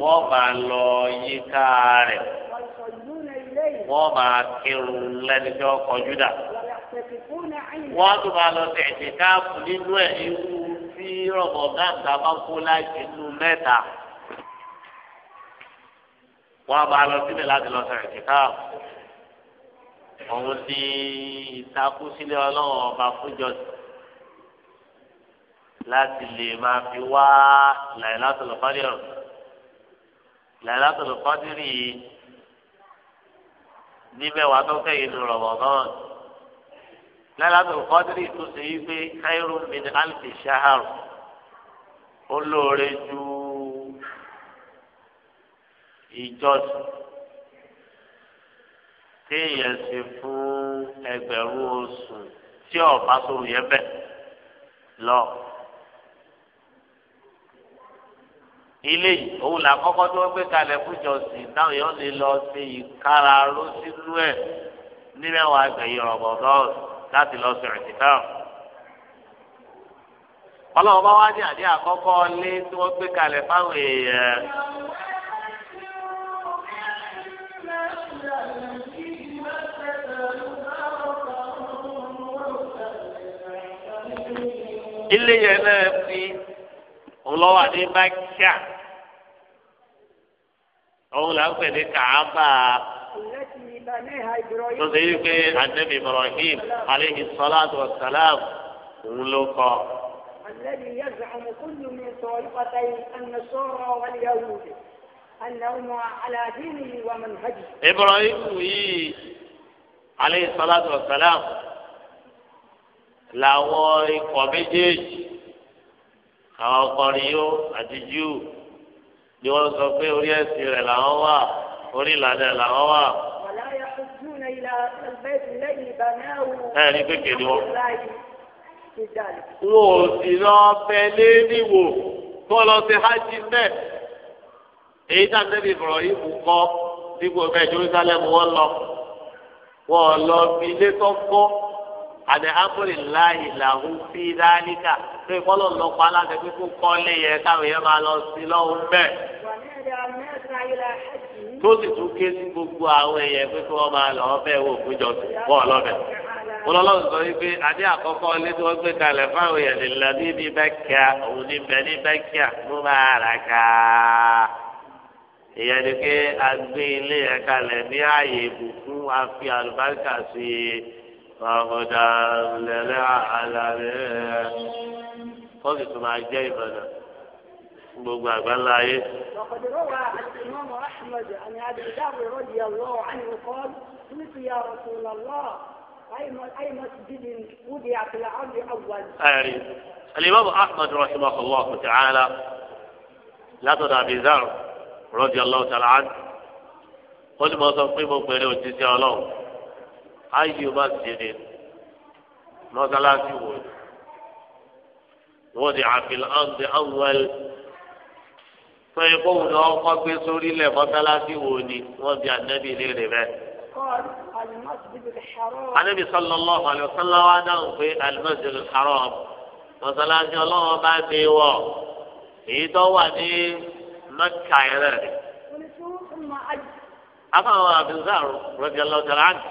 wọ́n máa lọ yíká rẹ̀ wọ́n máa kírun lẹ́ni tí wọ́n kọjú dà wọ́n tún máa lọ tẹ̀sí káàpù nínú ẹ̀ irú tí rọ̀mọ̀gán ta bá kó láti inú mẹ́ta wọ́n máa lọ sílẹ̀ láti lọ tẹ̀sí káàpù òun ti ìtakú sílẹ̀ ọlọ́run ọba fúnjọ́sìn láti lè máa fi wá làyè látọ̀lọ́fárí ọ̀rọ̀. Lailatul Qadri yìí ní mẹ́wàá tó kẹ́yìn ní Ramadan Lailatul Qadri tó ṣe yí pé khairun min alfi shahr ó lóore ju ìjọsìn téèyàn ṣe fún ẹgbẹ̀rún oṣù tí ọ̀pá sóru yẹn bẹ̀ lọ. ilé yìí òun là kọ́kọ́ tó gbé kalẹ̀ fúnjọ sí táwọn èèyàn lè lọ sí ìkara ró sínú ẹ̀ nílẹ̀wọ̀ àgbẹ̀yìn rọ̀bọ̀dọ́ọ̀ láti lọ sí ẹ̀sìnká. ọlọ́run bá wá ní àdé àkọ́kọ́ lé tí wọ́n gbé kalẹ̀ fáwọn èèyàn. ilé yẹn náà fi òun lọ́wọ́ àdé bá kíá òun là ń pè ní kàábà tó ṣe yí pé anabi ibrahim aleyhi salatu wa salam òun ló kọ́. الذي يزعم كل من طائفتي النصارى واليهود أنهما على دينه ومنهجه. إبراهيم عليه الصلاة والسلام làwọn ikọ̀ méjèèjì àwọn ọkùnrin yóò àti júù ni wọ́n sọ pé orí ẹ̀sìn rẹ̀ làwọn wà orí ìlànà rẹ̀ làwọn wà. ẹ ní kékeré ni wọn. wọn ò sì lọ bẹ léríwò tó lọ sí hajj bẹ́ẹ̀ èyí tá nẹbi ìfọ̀rọ̀ yìí kú kọ dípò bẹ́ẹ̀ Jerusalem wọn lọ wọn lọ fi ilé tó kọ àti amúlì láàyè làwọn fi dáníkà pé kọ́lọ̀ lọ pa aláṣẹ pé kó kọ́lé yẹ káwọn yẹn máa lọ sí lọ́wọ́ bẹ́ẹ̀. tó sì tún ké sí gbogbo àwọn èèyàn pé kí wọ́n máa lọ bẹ́ẹ̀ wò fún ìjọsìn fún ọlọ́bẹ̀. wọ́n lọ́wọ́ sọ wípé adé àkọ́kọ́ ilé tí wọ́n gbé kalẹ̀ fáwọn èèyàn lè lọ ní ibi bẹ́kíà òun ní bẹ ní bẹ́kíà ló máa rà ká. ìyẹn ni pé a ilé yẹn kalẹ̀ ní فهدى للعالمين fọ́ọ̀sì tó máa jẹ́ ìbàdàn بقى àgbáńlá إيه وقد روى الإمام أحمد عن أبي ذر رضي الله عنه قال قلت يا رسول الله أي مسجد وضع في الأرض أول. أي الإمام أحمد رحمه الله تعالى لا تدع أبي ذر رضي الله تعالى عنه قل ما تنقيم بين وجهة الله ayé ma sèré mọ́sálásí wò wọ́n di àfihàn ọ̀gbìn ọ̀wẹ́l fún ikú wọn ni wọ́n kọ́ gbé sórí lẹ̀ mọ́sálásí wò ni wọ́n di ànábì léèrè bẹ́ẹ̀. anabi sallallahu alayhi wa sallam wa dáhùn pé al-masjid al mọ́sálásí ọlọ́wọ́ bá dé wọ̀ èyí tó wà ní mẹ́kà yẹn rẹ̀. afahàn abdulzar rọ̀jẹ̀ lọ́jọ́ láti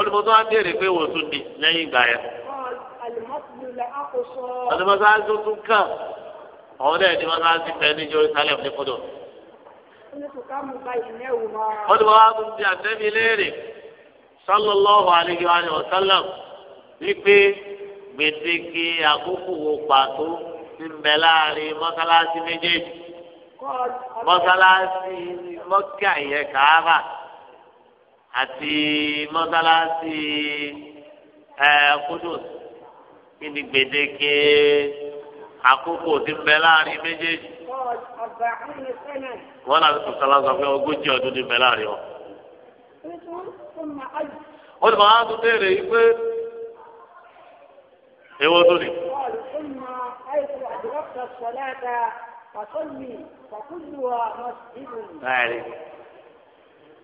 olùkọ́ tó wá béèrè pé wò tún ni lẹ́yìn ìgbà yẹn. àlùmọ́sáàsì tó tún kàn ọ̀hún náà ni wọ́n máa ń ti bẹ ní Jerusalem ní kúndùn. wọ́n ti wá tún di àtẹ́bí léèrè sallallahu alayhi wa sallam wípé gbèdéke àkókò wo pàtó ti ń láàrin mọ́sálásí méjèèjì mọ́sálásí mọ́kà yẹn àti mọ́sálásí ẹ Kudus kí ni gbèdéke àkókò tí ń bẹ láàrin méjèèjì. wọ́n náà tó sọ́lá sọ pé ogójì ọdún ti bẹ láàrin wọn. ó sì máa ń tún béèrè yìí pé èwo tó ni. báyìí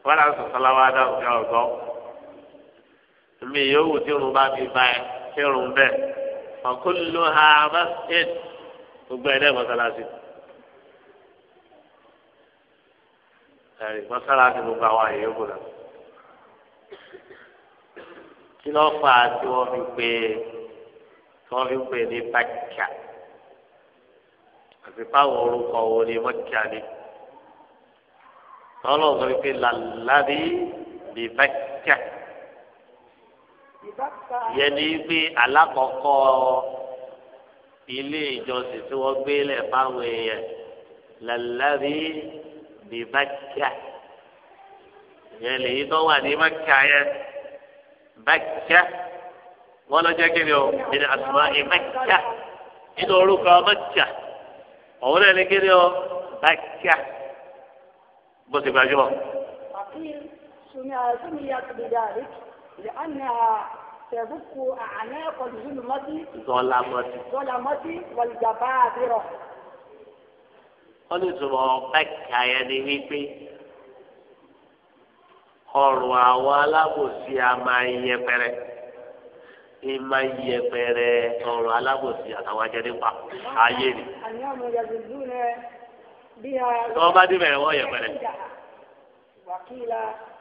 wọn là ń sọ sọláwá dá òfin mi yòówù tí irun bá fi bá ẹ tí irun bẹ ọkùnrin ha masjid gbogbo ẹ náà mọ́sálásí ẹrí mọ́sálásí gbogbo àwọn àyè yòókù náà kí ló fà á fi pè é tí fi pè é ní àti fáwọn orúkọ wo ni mọkìá ni tọ́lọ̀ sọ pé làlàbí bí bàkà yẹn ni pé alákọ̀ọ́kọ́ ilé ìjọsìn tí wọ́n gbé lẹ̀ fáwọn èèyàn làlàbí bí bàkà yẹn lèyí tó wà ní bàkà yẹn bàkà wọ́n lọ jẹ́ kí ni o ìdí àtúmọ̀ ìbàkà nínú orúkọ bàkà òun náà ní kí o bàkà bó ti gbajúmọ̀. àfihàn sùnì àìsàn ìyá tìlẹ̀ dàrí lẹ́nà tẹ̀bùkù àná ẹ̀kọ́jú lùmọ́tì. zọlámọ́tì. zọlámọ́tì wàlìjàmbá àbírọ̀. wọ́n ní ìtumọ̀ bákìá yẹn ni wípé ọrùn àwọn alábòsí a máa yẹpẹrẹ ìmà yẹpẹrẹ ọrùn alábòsí àtàwọn ajẹ́nípa ayé ni tí wọ́n bá débẹ̀ wọ́n yẹ pẹ́rẹ́.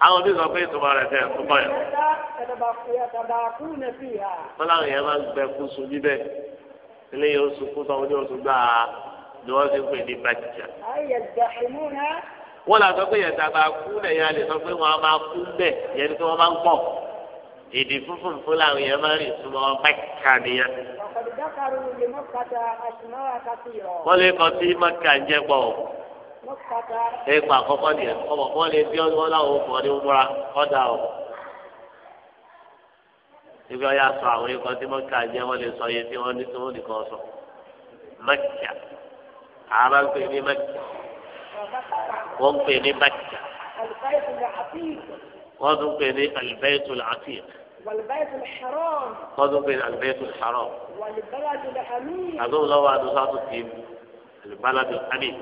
àwọn bí sọ pé ìtumọ̀ rẹ̀ tẹ̀ túbọ̀ yẹn. wọ́n láwọn yẹn máa ń gbẹ kú sun níbẹ̀ ilé yóò sunkún sọ wọn ní oṣù gbáà ni wọ́n ti ń pè ní bàjẹ́. wọ́n là sọ pé yẹn tàbá kú lẹ̀ yẹn sọ pé wọ́n máa kú bẹ́ẹ̀ yẹn ni pé wọ́n máa ń pọ̀ èdè funfun fún làwọn èèyàn máa ń rìn súnmọ́ mẹ́kà nìyẹn. wọ́n lè kọ́ sí mẹ́kà ń jẹ́ pọ̀ o. ẹ̀kọ́ àkọ́kọ́ nìyẹn ọmọ wọn lè bí ọdún láwọn òkú ọdún múra ọ̀dà o. ibi ọ̀yà sọ àwọn ikọ̀ tí mẹ́kà ń jẹ́ wọ́n lè sọ iye tí wọ́n ní tí wọ́n nìkan sọ. mẹ́kà àárá ń pè ní mẹ́kà wọ́n ń pè ní mẹ́kà wọ́n tún pè ní alibẹ́tù làásìkì. والبيت الحرام قد بين البيت الحرام والبلد الحميد أظن لو أن صادق البلد الحميد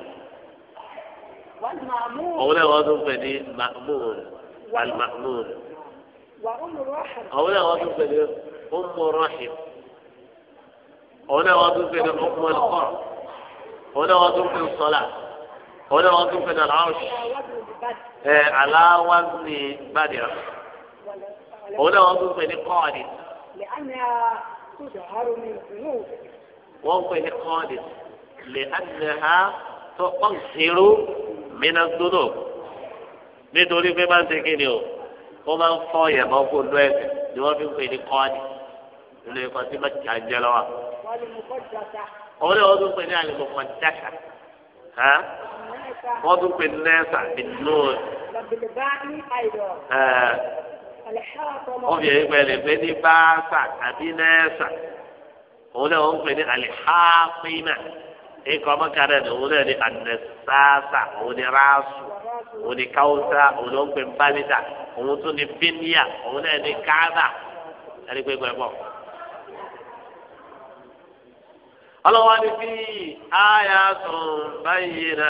والمأمون أولا وأظن بني مأمون والمأمون وأم رحم أولا وأظن بني أم رحم أولا وأظن بني أم القرى أولا وأظن بني الصلاة أولا وأظن بني العرش على وزن بدر òun náà wọ́n tún pè ní kọ́ọ̀dì. wọ́n pè ní kọ́ọ̀dì lè ànàhà tó ọ̀nkìrú mìíràn dúró nítorí pé máa ń segin ni o ó máa ń fọ ìyàmọ́ kó lọ ẹ̀sẹ̀ ni wọ́n fi ń pè ní kọ́ọ̀dì nínú ikọ̀ tí máa jà ń jẹ lọ́wọ́. òun náà wọ́n tún pè ní àlùmọ̀kọ̀ dáka wọ́n tún pè ní nẹ́ẹ̀sà obìnrin pẹ̀lú pé ní báàsà nẹ́ẹ̀sà òun náà ń pè ní ikọ̀ ni òun náà ní anẹ́sáàsà òun ní ráàsù òun ní káwùsà òun ló ń pè ní bálídà òun tún ní bíníà òun náà ní káàdà ẹni pé ọlọ́wọ́ ni bí àyà báyìí náà.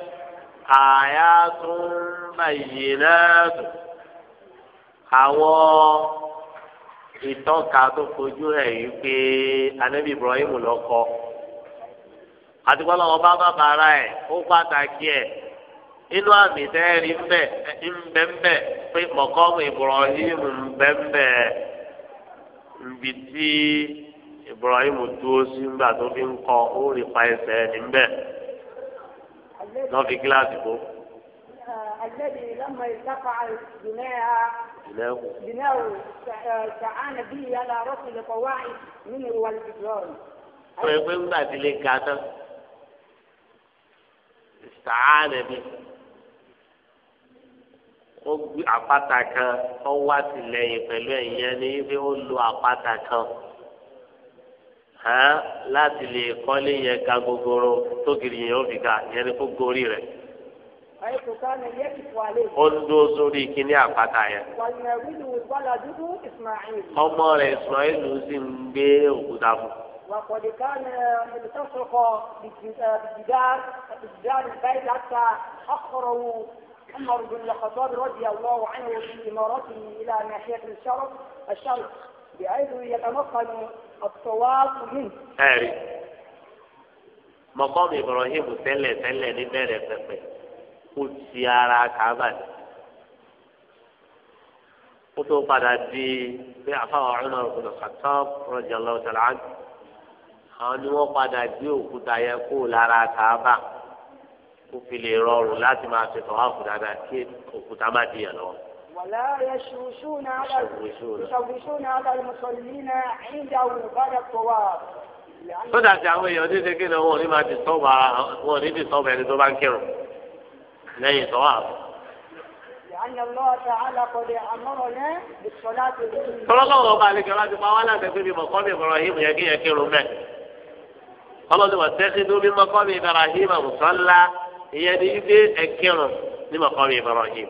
àyàtú bàyìnàtù àwọn ìtọ́ka tó fojú rẹ̀ yìí pé anabi ibrahim lọ́kọ́ àtikọ́ lọ́wọ́ bá ẹ̀ ó pàtàkì ẹ̀ inú àmì tẹ́ẹ̀rí ńbẹ ńbẹ ńbẹ pé mọ̀kọ́mù ibrahim ńbẹ ńbẹ ńbi tí ibrahim sí ńgbà tó fi ń kọ́ ó rí pa ẹsẹ̀ náà fi kíláàsì kó. الذي لما ارتفع جناها جناه سعان به على رسل قواعد منه والجدران pẹ̀lú ńgbà tí lè ga tán sàánà bí ó gbé àpáta kan ó wá sí lẹ́yìn pẹ̀lú ẹ̀yìn ẹni wípé ó lo àpáta kan hàn láti lè kọ́lé yẹn ka gogoro tó kiri yẹn ó fi ka yẹn ni kó gorí rẹ̀ ó ń dúró sórí kíní àpáta yẹn. ọmọ rẹ̀ ismail sì ń gbé òkúta fún. وقد كان ملتصق بجدار بجدار البيت حتى أخره عمر بن الخطاب رضي الله عنه في إمارته إلى ناحية الشرق الشرق بحيث يتمكن ọ̀tọ̀wáàbù yìí. ẹ̀rí mọ̀kọ́mù Ibrahim tẹ́lẹ̀ tẹ́lẹ̀ níbẹ̀rẹ̀ pẹ̀pẹ̀ kó ti ara kábà ní. kó tó padà di pé àfáwọn ọ̀rẹ́ àwọn ni wọ́n padà kó lára kó fi lè rọrùn láti máa di yẹn lọ́wọ́. ولا يشوشون على يشوشون على المصلين عنده بعد الطواف sódà tí àwọn èèyàn dídé kí ni wọn ò ní máa ti sọ́ọ̀bù ara wọn ò ní ti sọ́ọ̀bù ẹni tó bá ń kírun lẹ́yìn ìtọ́wà. tọ́lọ́kọ̀ọ́ ọba àlejò láti pa wá láti pé bí mọ̀kọ́ mi bọ̀rọ̀ yìí yẹ kí yẹ kírun bẹ́ẹ̀. ọlọ́dún wà sẹ́kí tó bí mọ̀kọ́ mi Ibrahim musalla ìyẹn ní ibi ẹ̀kírun ní mọ̀kọ́ mi Ibrahim.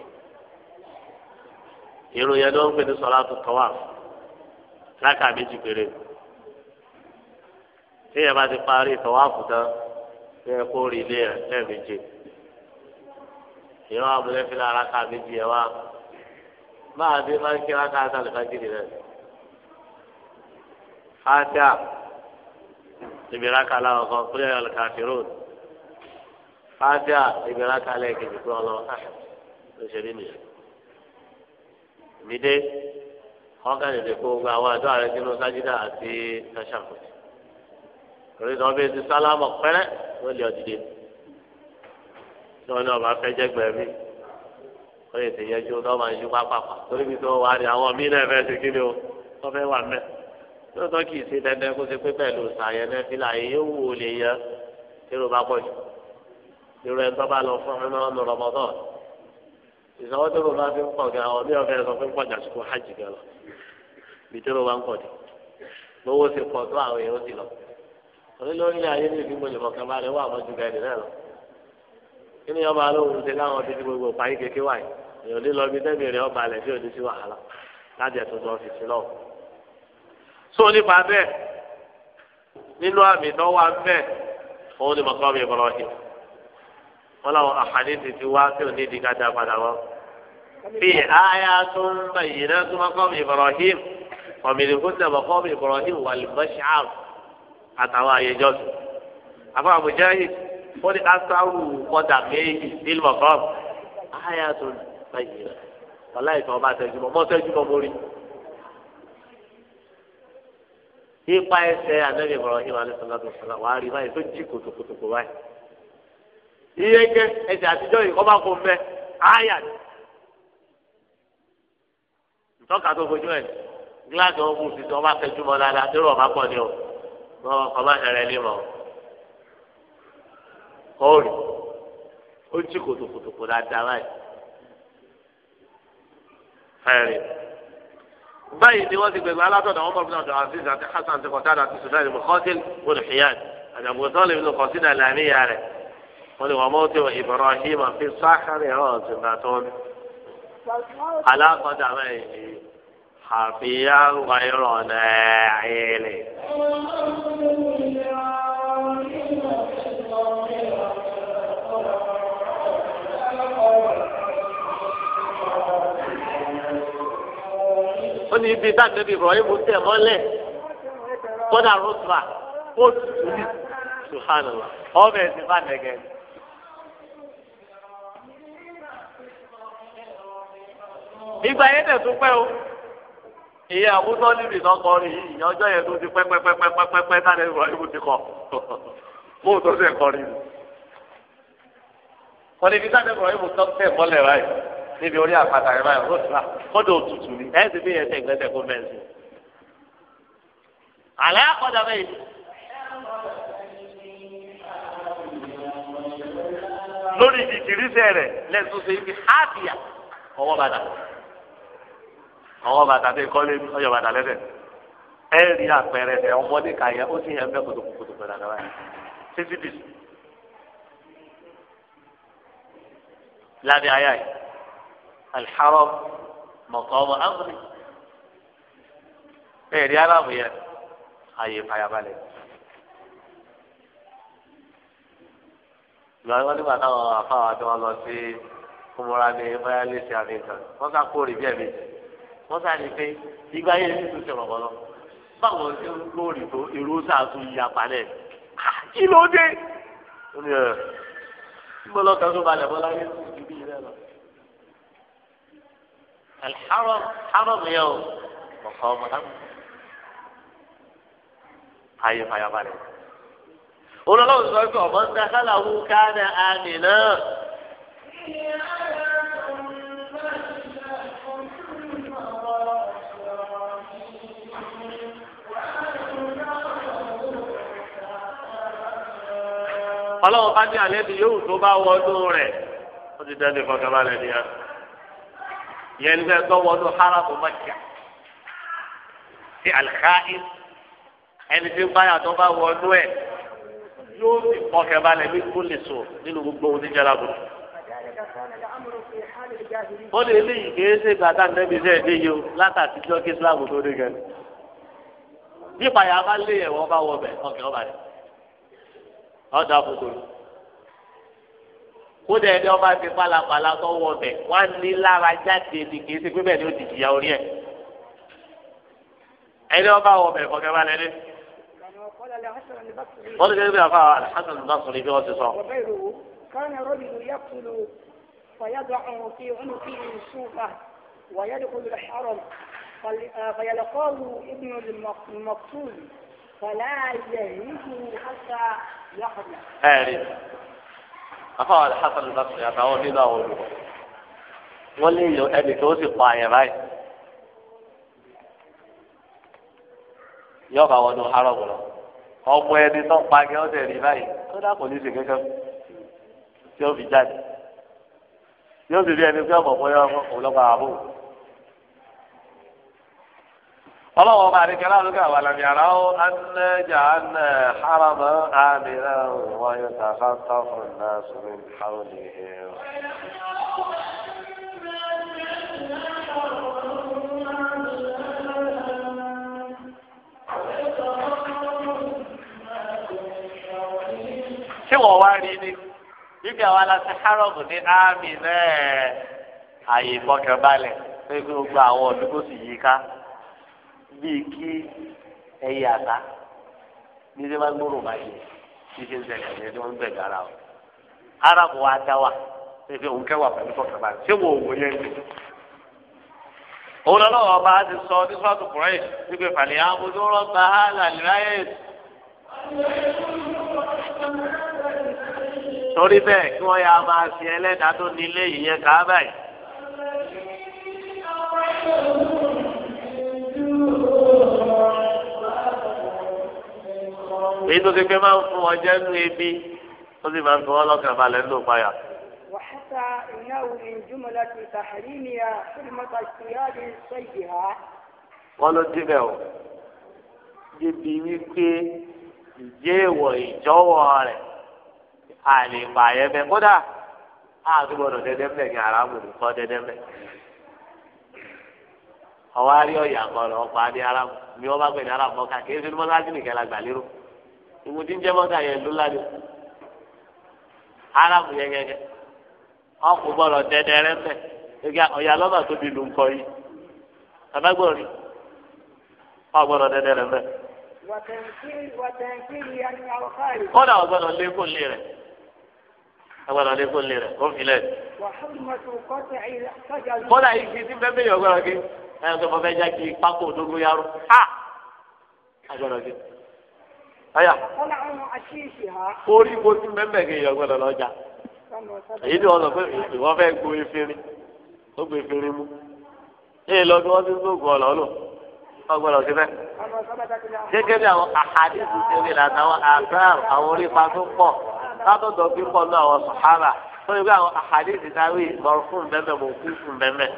irun yẹn ló ń pè ní sọláàtù tawaf láka méjì péré téèyàn bá ti parí tawaf tán bẹ́ẹ̀ kó rí ilé rẹ̀ lẹ́ẹ̀mejì ìyẹn wà múlẹ̀ fi lára ká méjì yẹn wá máa bí máa ń kí láka àtàlùfájìrì rẹ̀ fátíà ìbíra kala ọkọ kúlẹ̀ ọ̀lùkàfíró fátíà ìbíra kala ẹ̀kejì kúrọ̀ lọ́wọ́ káṣà ló nìyẹn mi dé wọn kàn lè kó gba àwọn àdó àrẹ sínú sájídà àti tàṣàfù torí tí wọn bẹ ti sálámọ pẹrẹ wọn lè ọdìdè tí wọn ní ọba fẹjẹ gbẹmí wọ́n yẹ ti yẹjú lọ́wọ́ máa ń yí pápákọ̀ torí bí tó wà ní àwọn míì náà fẹ́ẹ́ ṣe kí ni o wọ́n fẹ́ẹ́ wà mẹ́. lóòótọ́ kì í ṣe dandan kó ṣe pé pẹ̀lú sàyẹn náà fi láàyè yóò wò lè yẹ kí ló bá pọ̀ jù. irú ẹni tó bá lọ fún ọmọ ọmọ rọmọdọ́ ìsọwọ́ tó lò bá fi ń pọ̀ gan àwọn ní ọ̀fẹ́ sọ fún pọ̀jà sùkú hajj gan lọ bí tó lò bá ń pọ̀ dé lówó ti pọ̀ tó àwọn èèyàn ti lọ òní lórí ayé ní ìdí mọ̀jọ̀ kọ̀ọ̀kan bá rẹ̀ wà mọ́jú gan ẹ̀dẹ̀ náà lọ kí ni ọba alóhùn ṣe láwọn ti di gbogbo ìpáyé kékeré wáyé èèyàn lé lọ bí tẹ́mi ọba alẹ̀ tí ò ní sí wàhálà láti ẹ̀tọ́ lọ sí sí lọ́wọ́. só ni mọ̀kọ́ mi bọ̀rọ̀ yìí wọ́n láwọn àǹfààní ti ti wá tí ò ní ìdí ká dá padà wọ́n. في آيات بينات مقام إبراهيم ومن هنا مقام إبراهيم والمشعر أتوا يجوز أبا مجاهد قل أسعوا قدميه في المقام آيات بينات والله فما تجمع ما تجمع مولي ipa ẹsẹ̀ anabi ibrahim alayisalaatu wasalaam wàá rí báyìí tó jí kòtòkòtòkò báyìí iye kẹ ẹsẹ̀ àtijọ́ yìí kọ́ bá kó mbẹ áyà ni tọ́ka tó fojú ẹ̀ gíláàsì wọn kù sí tí wọn bá fẹjú mọ dáadáa tí wọn bá pọ̀ ní o wọn kọ má hẹrẹ ní mọ kọọrì ó jí kòtòkòtòkò dáadáa báyìí hẹrẹ báyìí ni wọn ti gbẹgbẹ alátọ̀dọ̀ wọn bọ̀ fún ọ̀dọ̀ aziz àti hasan ti kọ̀tà àti sudan mọ̀kọ́tìl mọ̀lùfìyàn àjàmùsọ̀lẹ̀ ìlú kọ̀sínà làníyà rẹ̀ wọn ni wọn mọ̀ tí wọn ibrahim fi sáà kárí ẹ̀rọ ọ̀sìn alákọ̀ọ́dà báyìí àfihà wáyọ̀rọ̀ náà ayẹlẹ̀. ó ní ibi dágbébi Ibrahim tẹ̀ mọ́lẹ̀ kódà rotba ó tutù ní subhanallah ọbẹ̀ ti fa nẹ̀gẹ̀ ni. ìgbà yẹn tẹ̀ tún pẹ́ o ìyá àwùjọ níbi ìdánkan rí ìyá yẹn tó ti pẹ́ pẹ́ pẹ́ pẹ́ pẹ́ pẹ́ pẹ́ sáré ìwà ìwò ti kọ̀ bó tó sẹ̀ kọ́ rí wọn níbi sáré ìwà ìwò tó sẹ̀ mọ́lẹ̀ báyìí níbi orí àpáta yẹn báyìí ó ti kọ́dọ̀ òtútù ni ẹ̀ ti fi yẹn tẹ̀ gbẹ́sẹ̀ kó àlẹ́ àkọ́jà bẹ́ẹ̀ lórí ìdìrísẹ̀ rẹ̀ lẹ́sùn ṣe ibi àwọn bàtà tó kọ́ lé ọyọ bàtà lẹ́sẹ̀ ẹ rí àpẹẹrẹ ẹ ọmọdé kà yẹ ó sì yẹ ń bẹ kòtòkòtò pẹ̀lú àgbà yẹn títí dì sùn. lábẹ́ ayá yìí alḥaram maqama amri ẹ rí aláàbò yẹn ààyè fàyàbalẹ̀. lọ́wọ́ wọn nígbà táwọn afáwọn àti wọn lọ sí kúmúra ní báyálé sí àmì ìtàn wọ́n sá kó bí ẹ̀mí jẹ́ wọ́n sáré pé ìgbà yẹn ti tún sọ̀rọ̀ bọ́lọ́ báwo ṣe ń gbòòrì tó èrò sàtú ìyá palẹ̀ kí ló dé gbọ́dọ̀ kan tó balẹ̀ bọ́lá yẹn ti bí ilé lọ. alḥaram haram yẹn o ọkọ ọmọ náà ayé fàyàbalẹ̀. olùlọ́wọ́ sọ pé ọ̀mọ́ ń dákàlà ọlọ́run bá ní alẹ́ bí yóò tó bá wọnú rẹ̀ ó ti dẹ́nu ìfọ̀kànbalẹ̀ ni ya yẹn ní bẹ́ẹ̀ tó wọnú haramu mẹ́kà sí alikaayi ẹni tí báyà tó bá wọnú ẹ̀ yóò ti fọ̀kànbalẹ̀ bí kú lè sùn nínú gbogbo ohun tí jẹ́la bò. ó lè ní ìgbésè gbàtà nẹ́bí sẹ́ẹ̀ dé yìí o látàtí jọ́ kí islam tó dé gẹ̀ẹ́ nípa yà bá lé ẹ̀wọ̀n bá wọ ọ̀dà fòtòrò kódà ẹni ọba ti palapala tó wọ ọbẹ wọn ní lára jáde ní kì pé bẹ́ẹ̀ ni ó ti jìyà orí ẹ ẹni ọba wọ ọbẹ kọkẹ bá lẹni. wọ́n ti gbé àfa alhassan al-basri bí wọ́n ti sọ. ويدخل الحرم فيلقاه ابن المقتول ẹ̀rí afáwọn alhassan al-basri àtàwọn nínú àwọn olùkọ́ wọ́n lè yọ ẹnì tó sì pa àyàn báyìí yọba wọn ló harọ wọn lọ ọmọ ẹni tó ń pa kí wọ́n rí báyìí tó dá kò ní tí ó fi jáde yóò sì rí ẹni pé ọmọ ọmọ yẹn ọmọ òun àbúrò. ọlọ́wọ́ ọba àdékẹ́ lálùkà wà lámì àrà ó anájà àná haramá àmìlá wáyé tàfà táfùn náà sùnmí àwọn ènìyàn. ṣé wọ́n wá rí ni bíbí àwa la ti ní àmì náà àyè ìfọkànbalẹ̀ pé gbogbo àwọn ọdún kò sì yí ká. bíi kí ẹyẹ àká ní ṣe máa gbóró báyìí tí ṣe ń ṣẹlẹ̀ ẹ̀yẹ tí wọ́n ń bẹ̀ gara o arabu wa dá wa ṣe fi òun kẹwàá pẹ̀lú fọkàn báyìí ṣé wo òwò yẹn ni. òun lọ́wọ́ ọba ti sọ ní sọ́ọ̀tù kùrẹ́ẹ̀ wípé fàlẹ́ àbójú rọ́gbà hàlà láyé. torí bẹ́ẹ̀ kí wọ́n yá máa fi ẹlẹ́dàá tó nílé yìí yẹn kàá èyí tó ti pé máa ń fún ọjọ́ nú ebi ó sì máa ń fi wọ́n lọ́kàn balẹ̀ ń lò fáyà. وحتى إنه من جملة تحريمها حرمة اجتياز صيدها. wọ́n ló dé bẹ́ẹ̀ o débi wípé ìjẹ́ ìwọ̀ ìjọ́wọ́ rẹ̀ àlèpàyẹ́ bẹ́ẹ̀ kódà àti gbọ́dọ̀ dẹ́dẹ́ mẹ́ ní aráàmù kọ́ dẹ́dẹ́ mẹ́. ọwọ́ àrí ọ̀yà kan lọ́ọ́ pa ní aráàmù ni wọ́n bá gbẹ̀ ní aráàmù ọ̀ka kì í ṣe ní mọ́sáàsì nìkan la gbà lérò. ìmùdí ń jẹ́ mọ́tà yẹn ló ládé arabu yẹn gẹ́gẹ́ ọkùnrin bọ̀rọ̀ dẹ́dẹ́ rẹ́fẹ̀ gẹ́gẹ́ ọ̀yà lọ́nà tó di lu nǹkan yìí àbẹ́gbọ̀n rí ọgbọ̀rọ̀ dẹ́dẹ́ rẹ́fẹ̀. kódà ọgbọ̀rọ̀ lé lé rẹ̀ ọgbọ̀rọ̀ lé lé rẹ̀ ó fi lẹ̀. aya orí mo ti mẹ́mẹ́ kí èèyàn gbọ́dọ̀ lọ́jà èyí ni wọ́n sọ pé ìwọ́n fẹ́ gbo efirin ó gbo efirin mú ee lọ wọ́n ti ń gbóògùn ọ̀lọ́ lò wọ́n gbọ́dọ̀ sí gẹ́gẹ́ bí àwọn àhàdìsì ṣe rí làtàwọn àbẹ́rù àwọn orípa tó pọ̀ látọ̀dọ̀ pípọ̀ náà àwọn sàhábà tó yẹ kó àwọn àhàdìsì táwí mọ̀rùfún bẹ́ẹ̀ mọ̀rùfún bẹ́ẹ̀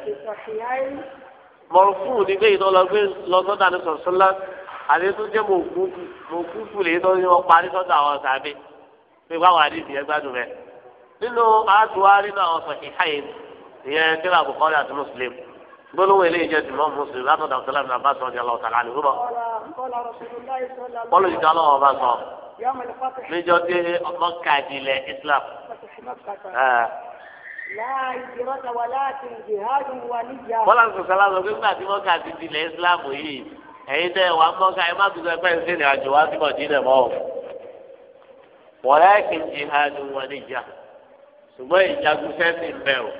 mọ̀rùfún ní àti tó jẹ́ mọ̀kúkú mọ̀kúkú lè tó ní wọ́n parí sọ́dọ̀ àwọn sàbí pé wọ́n wà nídìí ẹgbàdùn rẹ̀ nínú àtúwá nínú àwọn sọ̀kì háyé ìyẹn kíra àbùkọ́rẹ́ àti mùsùlùmí gbólóhùn eléyìí jẹ́ tìmọ̀ mùsùlùmí látọ̀dọ̀ sọlá ní abá sọ̀rọ̀ jẹ́lọ́ ọ̀tàlá ní rúbọ̀. bọ́lú ìjà lọ́wọ́ ọba sọ níjọ́ tí ọmọ kàdí ilẹ̀ Islam. bọ́lá ń sọ̀sọ́ lásán pé nígbà tí wọ́n kàdí ilẹ̀ Islam yìí ẹ̀yin tẹ́ wàá mọ́ká ẹ má tún ẹgbẹ́ ìsìn ní àjò wá sí mọ̀dínà mọ́ o. wọ́n yá kí n jihadu wọn níjà ṣùgbọ́n ìjagun sẹ́sì ń bẹ̀ o.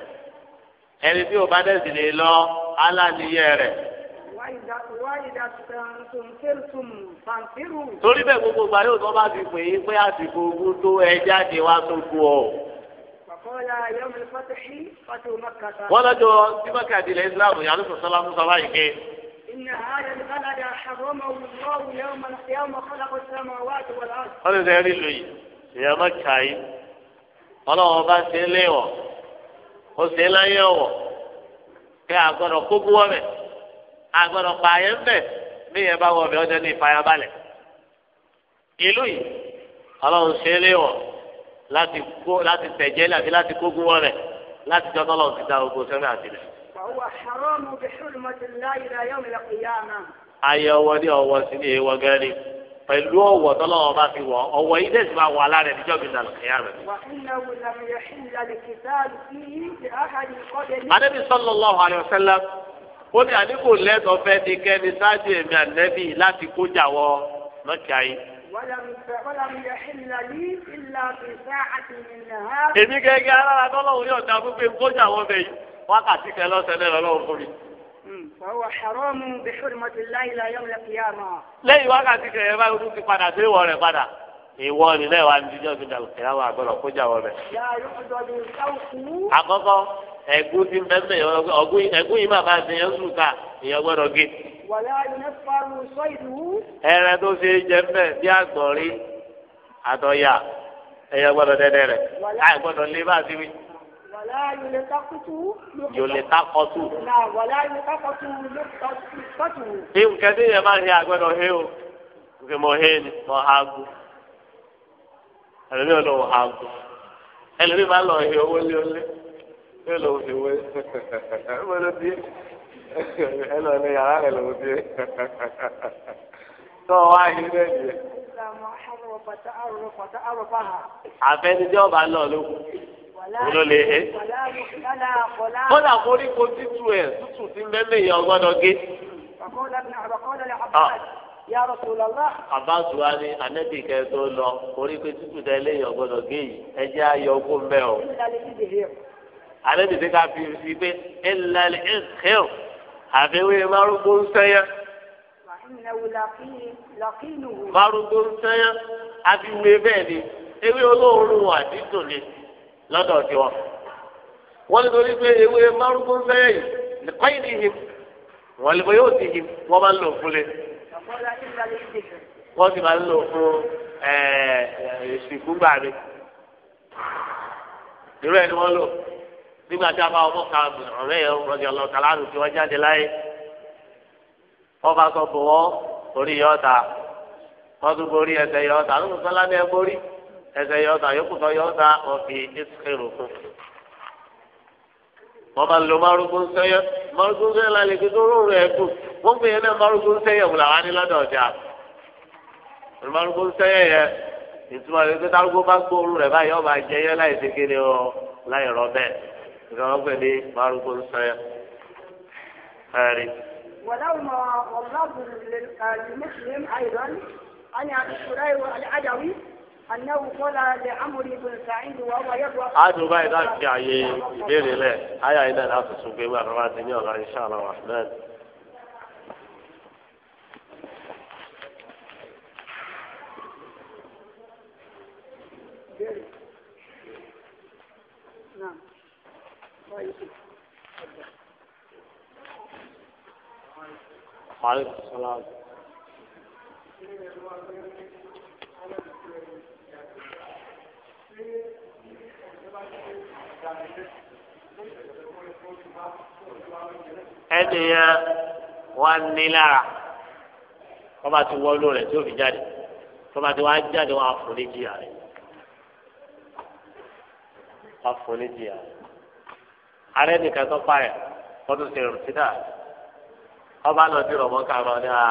ẹni tí o bá dẹ̀sí lè lọ aláníyẹ rẹ̀. torí bẹ́ẹ̀ gbogbo ìgbà yóò tó bá ti pè é pé àsìkò ogun tó ẹ jáde wá tó kú ọ. wọ́n lọ́jọ́ tí mọ́kàdínlẹ̀ yàrá sọ̀sọ́lá ń sọ báyìí إن هذا البلد حرمه الله يوم يوم خلق السماوات والأرض. هذا دليل لي يا مكاي ọlọ́wọ́ bá ṣe é léwọ̀ ó ṣe é láyé ọ̀wọ̀ pé àgbọ̀dọ̀ kókó wọ̀bẹ̀ àgbọ̀dọ̀ pààyẹ́ ńbẹ̀ bí yẹn bá wọ̀bẹ̀ ọjọ́ ní ìfàyàbalẹ̀ ìlú yìí ọlọ́run ṣe é léwọ̀ láti tẹ̀jẹ́ àti láti kókó wọ̀bẹ̀ láti jọ́ tọ́lọ́run ti dá gbogbo sẹ́mi àtìlẹ̀. فهو حرام بحرمة الله إلى يوم القيامة àyẹ̀wò ní ọwọ́ sí ní ewọ́ gẹ́rì pẹ̀lú ọwọ́ tọ́lọ́wọ́ bá fi wọ̀ ọwọ́ yìí dẹ́sí máa wà lára ẹni jọ́bi ìdàlù kẹ́yà rẹ̀. àdébí sallallahu alaihi wasallam ó ní àdínkù lẹ́tọ̀ọ́ fẹ́ ti kẹ́ni sáájú èmi ànẹ́bí láti kójà wọ lọ́kìá yìí. èmi gẹ́gẹ́ alára tọ́lọ́wọ́ yóò dá fún pé kójà wọ bẹ́ẹ̀ yìí. wákàtí kan lọ́sẹ̀ náà lọ́wọ́ fún mi. Fọwọ́ bí ṣùrùmọ́tì láìla yóò lè fi àmà. Lẹ́yìn wákàtí kan yẹn bá ti padà sí ìwọ rẹ̀ padà. Ìwọ ni náà ní jíjọ́ fi dàlù kí àgbọ̀rọ̀ wọ bẹ̀. Àkọ́kọ́ ẹ̀gún ti ń bẹ́ẹ̀ ẹ̀gún yìí bàbá ti yẹn sùn ká ìyẹn gbọ́dọ̀ gé. Ẹrẹ tó ṣe jẹ bí àgbọ̀nrín àtọ̀yà ẹ̀yẹ gbọ́dọ̀ dẹ́dẹ́ rẹ̀. lé bá ti wí. yòlè takọtù. ṣé nǹkan tí yẹn máa ń he àgbẹ̀dọ̀ he o nǹkan ni mọ̀ ha gbó ẹlòmí ọ̀nà ò ha gbó ẹlòmí máa ń lọ he owó lé olé yóò lọ fi wé ẹlòmí ló dé ẹlòmí yàrá rẹ ló dé wá yín bẹ́ẹ̀ àfẹnidé ọba náà ló ló lè he. kọ́lá koríko títù ẹ̀ tútù ti mẹ́mẹ́ yẹn ọgbọ́dọ̀ gé. Abbas wa ni anabi kẹtọ lọ koríko títù tẹ lẹ́yìn ọgbọ́dọ̀ gé yìí ẹ jẹ́ ayọ̀ ogún mẹ́ o. anabi ti ka fi fi pé ẹ lálẹ́ ẹ kẹ́ọ̀ àfiwé márùgbó ń sẹ́yà. márùgbó ń sẹ́yà àfiwé bẹ́ẹ̀ ni ewé olóòórùn àdídùn ni. lọ́dọ̀ tiwọn. wọ́n ní torí pé ewé márùnkún sẹ́yìn nìkan yìí wọ́n lè yóò ti yí wọ́n máa ń lò fún lé. wọ́n sì máa ń lò fún mi. irú wọ́n lò nígbà tí a bá ọmọ kan ọ̀rẹ́ yẹn tí wọ́n jáde láyé. wọ́n bá sọ bọ̀ wọ́n orí wọ́n tún ẹsẹ̀ yọta yókùtọ yọta ọfì ìsìkèrò fún wọn bá lo márùkún sẹyẹ márùkún sẹyọ la lè fi tó rọrùn ẹ kù wọn fi yẹn náà márùkún sẹyẹ wò làwọn á ní lọ́dọ̀ ọjà márùkún sẹyọ yẹ ìtumọ̀ rẹ pé tárúgbó bá gbóòórùn rẹ báyìí ọba jẹyẹ láì ṣe kéde ọ láì rọ bẹ́ẹ̀ ìtumọ̀ wọn pè ní márùkún sẹyẹ ẹrí. ولما والله للمسلم ايضا عن ابي شريح العدوي adu báyìí láti fi àyè ìbéèrè lẹ àyà yìí náà láti tún gbé wàhálà láti ní ọ̀la inṣàlá rahman. Aleykum salaam. ẹni yẹn wà ní lára ti wọ́lú rẹ̀ tí ó fi jáde kọ́ba ti wá jáde wọn àforíjìyà rẹ̀ àforíjìyà rẹ̀ alẹ́ nìkan tó pààyà kọ́tù sí ọba lọ sí rọ̀mọ́ kàrọ̀ ní à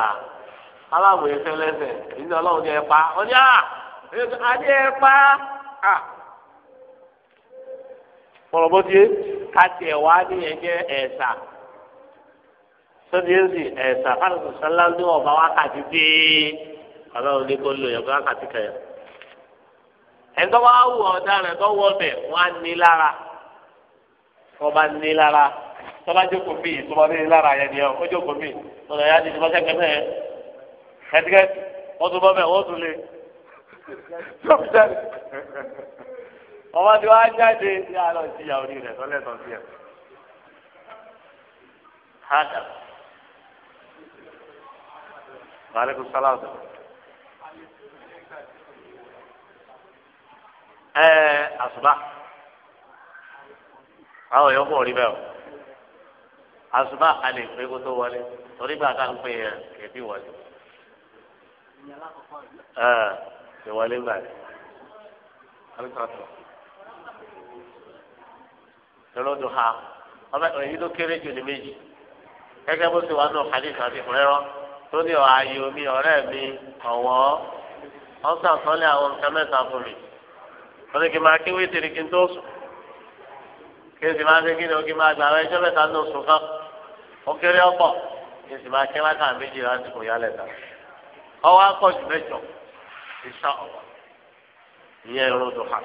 aláàbò yẹn fẹ́ lẹ́sẹ̀ ní ẹ pa ọ ní mọlọbọdé kàtì ẹwà nìyẹn jẹ ẹsà sọdíẹsì ẹsà kálukú sálá ní ọba wákàtí dé Ọlọ́run ní kó lò yẹn wákàtí kẹyà ẹtọ wa wù ọ̀daràn tó wọ bẹ wọn á ní lára wọn bá ní lára tọ́ba jókòó mi tọ́ba ní lára yẹn ni ọ ó jókòó mi tọ́ba yá di tọ́ba sẹ́kẹ̀ mẹ́ẹ̀ ẹ̀dígẹ́ wọ́n tún bọ́ bẹ́ẹ̀ wọ́n tún lé. ọwọ́ tí wọ́n á jáde sí ìyá orí rẹ̀ ha tán sí ẹ̀. hada maaleykum salaam. ẹ̀ẹ́ àṣùbà àwọn yòókù rí bẹ́ẹ̀ o àṣùbà a pé kó wọlé torí gbà pé yẹn kẹ̀bí wọlé. ẹ̀ẹ́ ìwọlé gbà rẹ̀. alukata. lọ́dún ha ọbẹ̀ èyí ló kéré jù ní méjì gẹ́gẹ́ bó ti wà nù hadith àti ìfúnrẹ́rọ́ tó ní ọ̀ ayò mi ọ̀rẹ́ mi ọ̀wọ́ ọ̀sán sọ́lé àwọn nǹkan mẹ́ta fún mi wọ́n ní kí n máa kí wítìrì kí n tó sùn kí n sì máa ṣe kí ni o kí n máa gbà àwọn ẹjọ́ mẹ́ta ní oṣù kan ó kéré ọ̀pọ̀ kí n sì máa kí wákà méjì láti kò yálẹ̀ dà ọwọ́ akọ̀jù mẹ́jọ ìṣá ọ̀wọ́ ìyẹn ìrọ̀dùn hàn.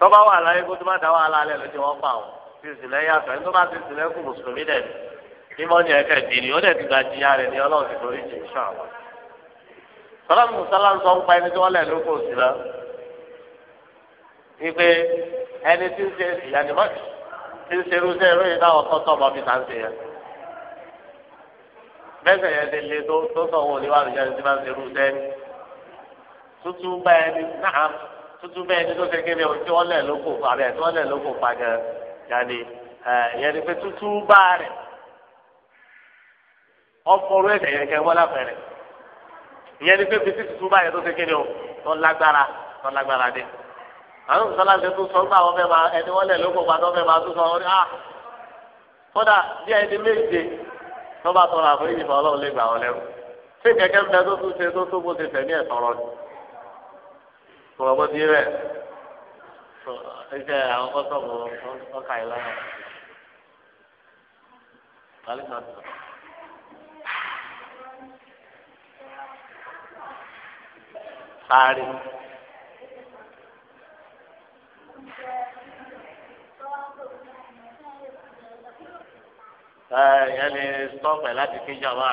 tọ́ba wà láyé kó tó má dá wàhálà alẹ́ lọ́jọ́ wọn pa ọ́ ti sílẹ̀ yàtọ̀ ẹni tó bá ti sílẹ̀ kù mùsùlùmí dẹ̀ ni mímọ́ ni ẹ̀kẹ́ dì ní ó dẹ̀ ti gba jìyà rẹ̀ ní ọlọ́run ti torí jì ṣá wa. sọlọ́mù sọlá ń sọ ń pa ẹni tí wọ́n lẹ̀ ló kò sí lọ. wípé ẹni tí ń ṣe ìyànìmọ́tì tí ń ṣerú sí ẹrú yìí táwọn tọ́tọ́ ọmọ mi ta yẹn. bẹ́sẹ̀ yẹn ti le tó tó sọ̀wọ́ tuntun bẹ́ẹ̀ ni tó ṣe kéde ojú ọ̀lẹ̀ ló kò pa bẹ́ẹ̀ tí ọ̀lẹ̀ ló kò pa gan yanni ìyẹn ni pé tuntun bá rẹ̀ ọ̀fọ̀rọ̀ ẹ̀sẹ̀ yẹn kẹ́ wọ́n láfẹ̀rẹ̀ ìyẹn ni pé bísí tuntun bá yẹn tó ṣe kéde o tó lágbára tó lágbára dé àwọn sọlá ṣe tó sọ gbà wọn fẹ́ máa ẹni wọ́n lẹ̀ ló kò pa tó fẹ́ máa tó sọ wọn ah kódà bí ẹni méje tó bá tọrọ àforíjì fún ọlọ́run lè gbà wọn kò ọgbọ́n bí rẹ̀ ẹsẹ̀ àwọn kọ́sọ̀mù ọkà ìlànà. Sáré. yẹn lè stọọpù láti fi jàmbá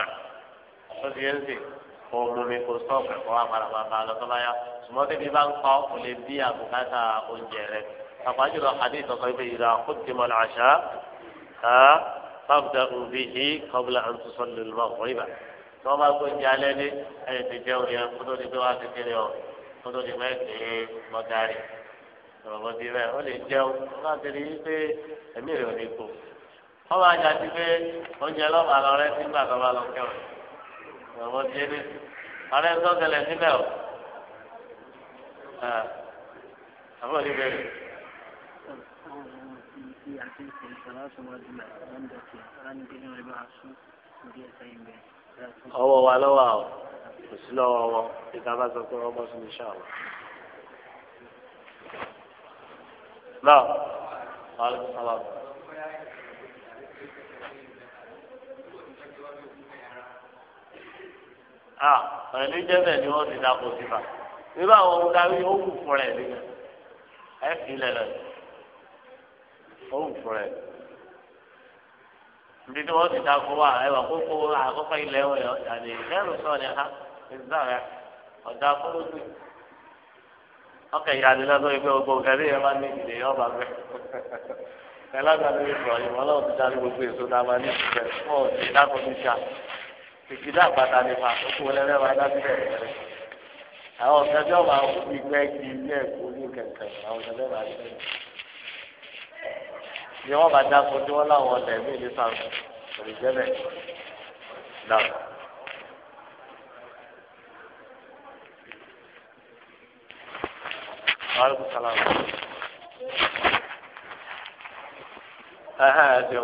ó ti yẹn sì kó omi kó stọọpù kó wà padà bàbá lọ ṣùgbọ́n bíbí bá ń kọ́ kò lè bí àbùkátà oúnjẹ rẹ̀ àpájù lọ hadith ọ̀kan ibi ìlà kúndì mọ́ àṣà ká fáfdà òbí yìí kọ́bùlà àǹtúnṣọ́ lòlùmọ́ ọ̀rọ̀ ìbà tí wọ́n bá gbóúnjẹ alẹ́ ní ẹ̀yìn ti jẹun yẹn kó tó di pé wá ti kéré ọ kó tó di pé ẹ̀sìn mọ́tárì ọ̀rọ̀ ti rẹ̀ ó lè jẹun wọ́n ti rí pé ẹ̀mí rẹ̀ ò ní kó wọ́n máa jà sí pé oúnjẹ lọ́ba lọ rẹ́ sígbà tó bá lọ kẹwàá ọ̀rọ̀ ti rí ọ̀rẹ́ ń tọ́ Ah. àbọ̀ ní bẹ́ẹ̀. ọwọ́ wa lọ́wọ́ àwọ̀ kò sí lọ́wọ́ wọn ìta bá sọ pé wọ́n bọ́ sí iṣẹ́ àwọn. náà wàá lọ sọ́wọ́. ah bẹ́ẹ̀ ni wọ́n ti dáko síta irú àwọn darí ó wù fún rẹ̀ ẹ fi lẹ̀lẹ̀ ó wù fún rẹ̀ tí wọ́n ti ta kó wa ẹ̀wà kókó àkọ́kọ́ ilẹ̀ wọn yọ ọ̀dàdì lẹ́rù sọ̀rọ̀ ni ha ìgbà rẹ̀ ọ̀dà kúrúgbì ọkọ̀ ìyáni lọ́dọ̀ ìgbẹ́ gbogbo kẹ́lí ẹ̀ máa ní ìdè ọba bẹ́ẹ̀ ẹ̀ lágbàdo ìfọ̀ ìmọ̀ náà ti darí gbogbo èso náà máa ní ìfẹ́ fún ọ̀dì ìdákọ̀ọ́dúnṣà ìgbìdá àpáta nípa ó lẹ́rẹ́ máa dá sílẹ̀ rẹ̀ àwọn ọ̀sẹ̀jọ́ máa ń fi pẹ́ kí ilé ẹ̀kọ́ ní kẹ̀kẹ́ àwọn ọ̀sẹ̀jọ́ máa ń fi ni wọ́n bá dáko tí wọ́n láwọn ọ̀nà ẹ̀mí ní sàmù òní jẹ́lẹ̀ náà. Aleykum salaam. Ẹ̀hẹ́ ẹ̀dẹ̀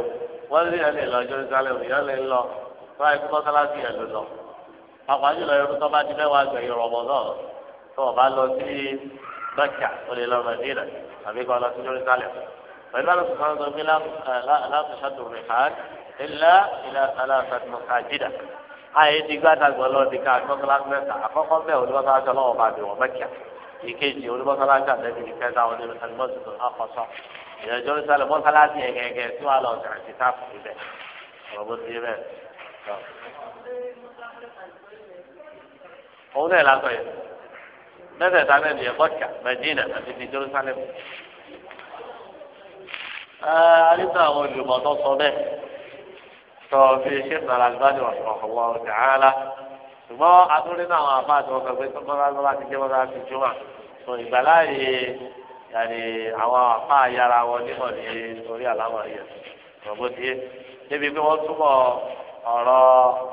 wọ́n lé ẹni lọ́jọ́ ìsàlẹ̀ òyìnbó lè lọ fún àìsí mọ́sálásí ẹ̀ lọ àwọn àjùlọ yorùbá tó bá di mẹ́wàá gbẹ̀yìn Ramadan tó o bá lọ sí Mẹ́kà o lè lọ Mẹ́dínà àbí kọ́ lọ sí Jerusalem pẹ̀lú àlùkò kan tó gbé látúnṣàdùn rìhàn ilá ilá aláṣàdùn mọ̀kájìdà àyè ti gbàdàgbọ́ lọ ti ká àgbọ̀kọ́lá mẹ́ta àkọ́kọ́ bẹ́ẹ̀ olùbọ́sálásí ọlọ́wọ́ bá bẹ̀ wọ́n Mẹ́kà ìkejì olùbọ́sálásí àtẹ́bí ìkẹta àwọn olùbọ́sálásí àkọ́sọ́ ìyẹn Jerusalem mọ́sálásí òun náà lásán yẹn mẹ́tẹ̀ẹ̀ta náà nìyẹn mọ́kà mẹ́dínà àti ti Jerusalem. alisa àwọn olùmọ̀ tó sọ bẹ́ẹ̀ sọ fi ṣe nàrà àgbàdo ọ̀sọ̀ọ̀wọ̀ ọ̀dàhálà ṣùgbọ́n atúndín náà àwọn àbá àti ọkọ̀ pé tọ́mọ́lá ti jẹ́ mọ́tà ti jùmọ̀ sọ ìgbàláyè yàrá àwọn àbá yàrá wọn nímọ̀ ní orí àlámọ̀ yẹn ọ̀bọ̀ tiẹ̀ débi pé wọ́n túbọ̀ ọ̀rọ̀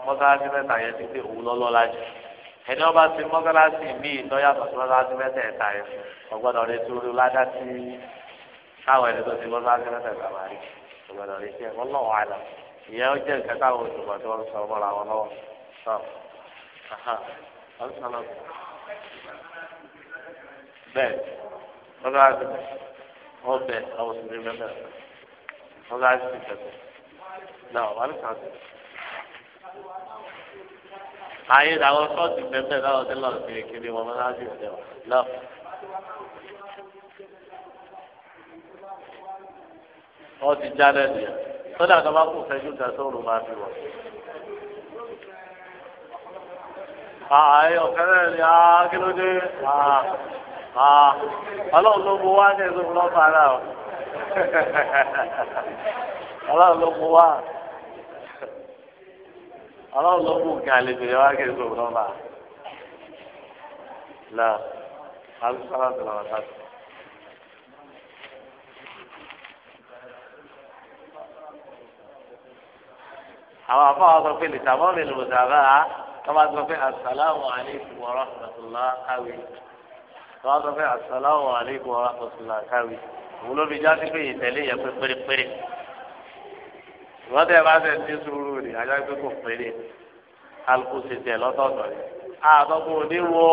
mọ́tà ẹni ọba ti mọ́sálásí mi lọ́yàtọ̀ sí mọ́sálásí mẹ́tẹ̀ẹ̀ta yẹn ọgbọ́dọ̀ rẹ tó rú ládá sí káwọn ẹni tó ti mọ́sálásí mẹ́tẹ̀ẹ̀ta máa rí ọgbọ́dọ̀ rẹ sí ẹ̀kọ́ lọ́wọ́ àlà ìyẹn ó jẹ́ nǹkan táwọn olùkọ́ tí wọ́n sọ mọ́ra wọn lọ́wọ́ sọ bẹ́ẹ̀ mọ́sálásí wọn àwọn òṣèré mẹ́fẹ́ mọ́sálásí ti náà wà ayé làwọn sọ́ọ̀tì pẹ́pẹ́ láwọn tẹ́lẹ̀ ọ̀sìn èkéde wọn máa ń sì tẹ̀ lọ. wọ́n ti já lẹ́nu yẹn sọ́dà tó bá kù fẹ́jú ga sóòrùn máa fi wọ̀. ààyè ọ̀kẹ́rẹ́ ni àá kí ló dé àá ọlọ́run ló mú wá ní ẹ̀sùn lọ́fàá náà ọlọ́run ló mú wá ọlọ́run ló mú nǹkan àlejò yẹn wá kéde gbogbo ọba la alùpàdà tó lọ wá sí. àwọn afọwọ́ sọ pé lìtàmọ́ mi lò dàbà á wọ́n máa sọ pé asalaamu aleykum wa rahmatulah káwé wọ́n sọ pé asalaamu aleykum wa rahmatulah káwé òun ló fi jáde pé ìtẹ̀lé yẹn pé pérépéré ìwọ́n tẹ́ ẹ bá fẹ́ ní sùúrù rè ajá pé kò péré kálukú ṣe tẹ̀ lọ́tọ̀ọ̀tọ̀ rẹ̀ àtọ́kùn òní wo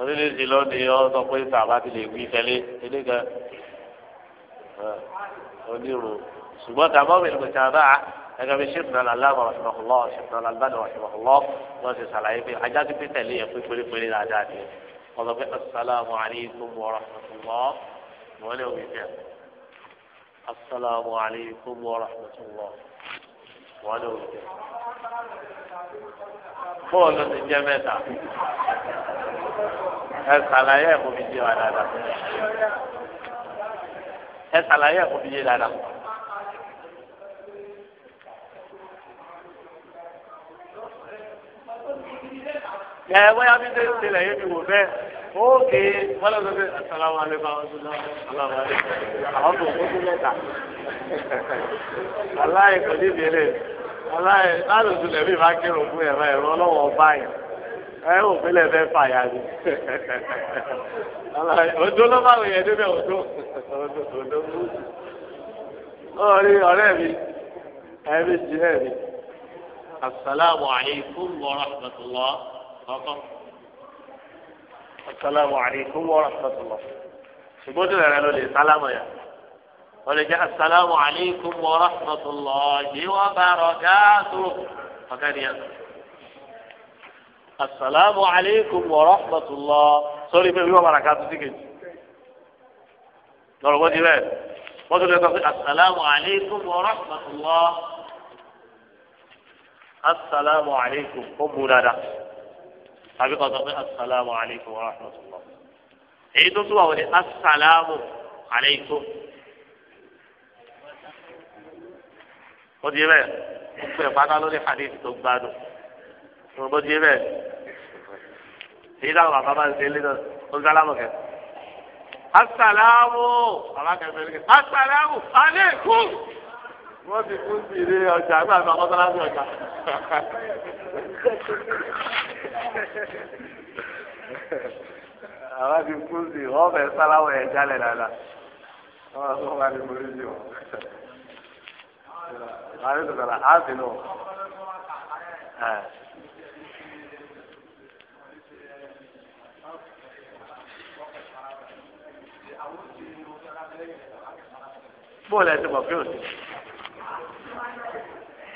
orílẹ̀-èdè lónìí ọ sọ pé sàbá ti lè wí tẹ́lẹ̀ eléga onírò ṣùgbọ́n tàbọ̀ mi lè sàbá ẹgbẹ́ mi ṣètò náà lálàmọ̀ ọ̀ṣunmọ̀kùnlọ́ ṣètò náà lálàmọ̀ ọ̀ṣunmọ̀kùnlọ́ wọ́n ti ṣàlàyé pé ajá ti pé tẹ̀lé yẹn pé pérépéré dáadáa ni wọ́n sọ pé asalaamualeykum wa rahmatulah wọ́n lè wí tẹ́lẹ̀. السلام عليكم ورحمة الله وعلى وجهه هو الذي جمعته ẹsàlàyé ẹkọ fi jẹ wa dada ẹsàlàyé ẹkọ fi jẹ dada. ẹ wọ́n yà mí dé sílẹ̀ yé mi wò bẹ́ẹ̀. ókè wọ́n lọ sọ asalaamu aleykum tó kó tún kò ní ìbéèrè aláì láàrín oṣù lẹ́mí bá kírun fún báyìí ẹ ò ni ló bá wòye mi mi wa rahmatulah ọkọ. asalaamu alaykum wa rahmatulah ṣùgbọ́n tó rẹ̀ ló lè sálámù yà wọ́n lè jẹ́ asalaamu alaykum wa rahmatulah yìí wọ́n bá rọ̀ gáàtú ọ̀kan nìyẹn asalaamu alaykum wa rahmatulah sórí pé wíwọ́n bára ká tó sí kejì lọ́rọ̀ bọ́dí rẹ̀ wọ́n tó lè sọ pé asalaamu alaykum wa rahmatulah asalaamu alaykum ó bu dáadáa àbí kọ́ sọ pé asalaamu aleykum wa rahmatulah èyí tó tún wà wọlé asalaamu aleykum ó di bẹ́ẹ̀ ó pè pátá lórí hadith tó gbádùn ó di bẹ́ẹ̀ èyí táwọn bàbá bá ń ṣe lẹ́nu ó sálámù kẹ́ asalaamu bàbá kẹ́ ń asalaamu aleykum wọ́n ti kú sí ilé ọjà àgbà àti ọmọdéláṣí ọjà. àwọn ti kú sí wọ́n fẹ́ sáláwọ̀ ẹ̀ jálẹ̀ dáadáa wọ́n sọ wọ́n ti mú lójú wọn. àwọn ètò kan á sì nù. bóòlù ẹ ti mọ̀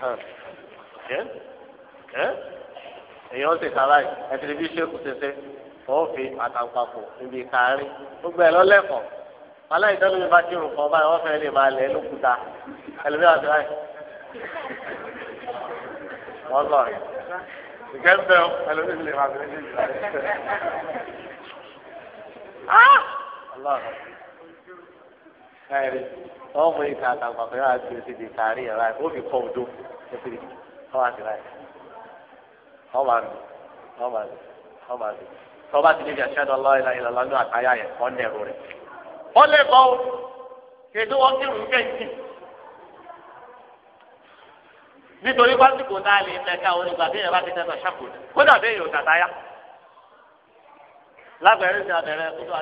èèyàn ti kàrá yìí ẹtì níbi ṣéèkù ṣẹṣẹ wọn fi àtàǹpàpọ̀ níbi kárí gbogbo ẹ lọlẹkọ aláìsàn mi bá kírun kan báyìí wọn fẹẹ lè máa lẹ lókùúta ẹlòmíràn ti ráyè wọn lọ rẹ ìkẹ́ńbẹ́ ẹlòmíràn lè máa lẹ lókùúta. Ah! káyọ̀rẹ́ wọ́n mú ìka àtàwọn àpẹẹrẹ àti oṣù di sàárì ẹ̀ láì ó fi kọ́ odó ẹ̀fìrì wọ́n wá sí láì wọ́n máa lò wọ́n máa lò wọ́n máa lò tọ́ bá ti níbi àṣẹ́dọ̀ ọlọ́ọ̀lá ìlọ́lá ní àtàyà yẹn wọ́n lẹ̀ rò rẹ̀ wọ́n lè bọ́ kèdè wọ́n kírun kẹ́ǹtì nítorí pásítọ̀ náà lè mẹ́ka onígbà bí yẹn bá ti tẹ́tọ̀ ṣàkóso kódà bẹ́ẹ̀ yóò tàtàyà lábẹ́rẹ́ sí abẹ́rẹ́ kódà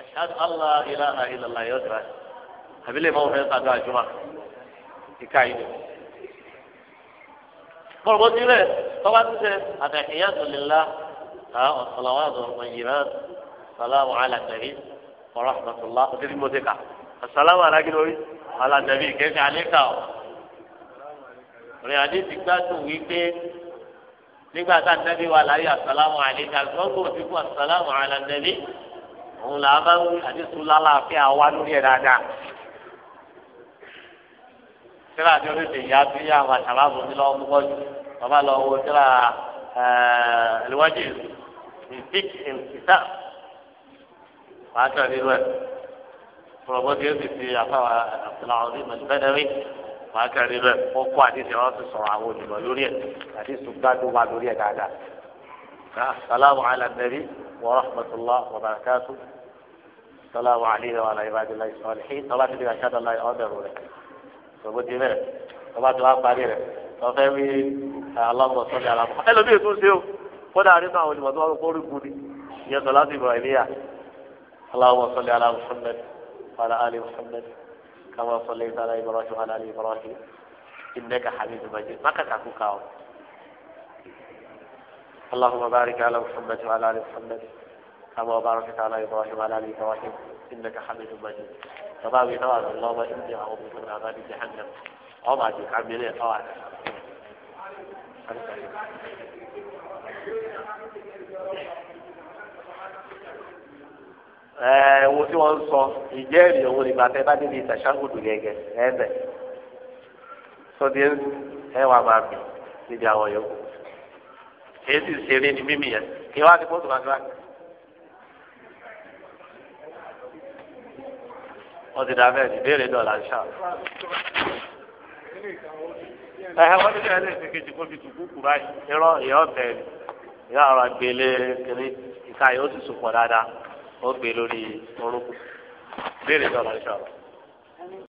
àṣàdùn allah ilaha illallah yóò tẹ̀lé àbí lè mọ́wọ́ fẹ́ sàdó àjùmọ̀ ìka yìí. bọ́lbọ́ sílẹ̀ tọ́ba ti sẹ́ àtàkìyà sọ̀lélá ọ̀sọ̀làwà ọ̀gbọ̀nyìnà sàlámù alàdàbí ọ̀rọ̀hàmàtúlá ọ̀tẹ́lí mọ́tẹ́kà sàlámù alágídọ́rí alàdàbí kẹ́kẹ́ àlékà ọ̀. rìn àdé ti gbádùn wípé nígbà tá nàbí wà láyé asàlámù àlékà gbọ́dọ̀ òbí fún asàlámù alàdàbí òun làá máa ń wí àdé sùn lálàáfíà wá lórí ẹ̀ dáadáa. tíra àti oríṣi ìyá tó yá àwọn àṣàbàbò mi lọ́wọ́ púpọ̀ jù bàbá lọ wo tíra ẹ̀ẹ́dẹ̀wájú ìdík ìsìtà wàá tẹ̀ nínú ẹ̀ pọ̀lọ́pọ̀ tí ó sì fi àfáwà àfúláwọ̀ ní mẹ̀lẹ́dẹ́rì wàá tẹ̀ nínú ẹ̀ ó kó àdìsí wọn ti sọ̀rọ̀ àwọn olùmọ̀ lórí ẹ̀ àdìsí gbádùn wa lórí ẹ̀ dáadáa. السلام على النبي ورحمة الله وبركاته السلام علينا وعلى عباد الله الصالحين صلاة الله أشهد الله أدعو لك sọ̀bọ́dé rẹ̀ ọba tó wá parí rẹ̀ lọ́fẹ́ wí aláwọ̀ sọ́jà aláwọ̀ ẹlòmíì tún ṣe o kódà nínú àwọn olùmọ̀tò wọn kó rí bu ni ìyẹn sọ láti ìbọ̀ ìlíyà aláwọ̀ sọ́jà aláwọ̀ Muhammad wàlá alẹ́ Muhammad kàmá sọ́lẹ̀ ìtàlá Ibrahim wàlá alẹ́ Ibrahim ìnẹ́ka hamidu majid mákàtà kú ká o. اللهم بارك على محمد وعلى ال محمد كما باركت على ابراهيم وعلى ال ابراهيم انك حميد مجيد tọ́ba wí náà ló lọ́wọ́ ìdí àwọn ọmọ jahannam ọmọ àti kábílẹ̀ ọ̀ àti. ẹ wo sọ ìjẹ́rìí òun nígbà tẹ́ bá débi ìtàṣàgùdù gẹ́gẹ́ ẹ̀ẹ́dẹ̀ sọdí ẹ wà máa bì níbi àwọn yòókù èyí sì ṣeré kí ti kó tó bá wọ́n ti dá bẹ́ẹ̀ ní béèrè dọ̀là ń ṣá. ẹ̀hẹ́ wọ́n ti bẹ́ẹ̀ lè ṣe kejì kó fi tùkú kù báyìí irọ́ ìyá ọ̀tẹ̀ ìyá ọ̀rọ̀ àgbélé kiri ìka yóò sì sùpọ̀ dáadáa ó gbé lórí orúkú béèrè dọ̀là ń ṣá.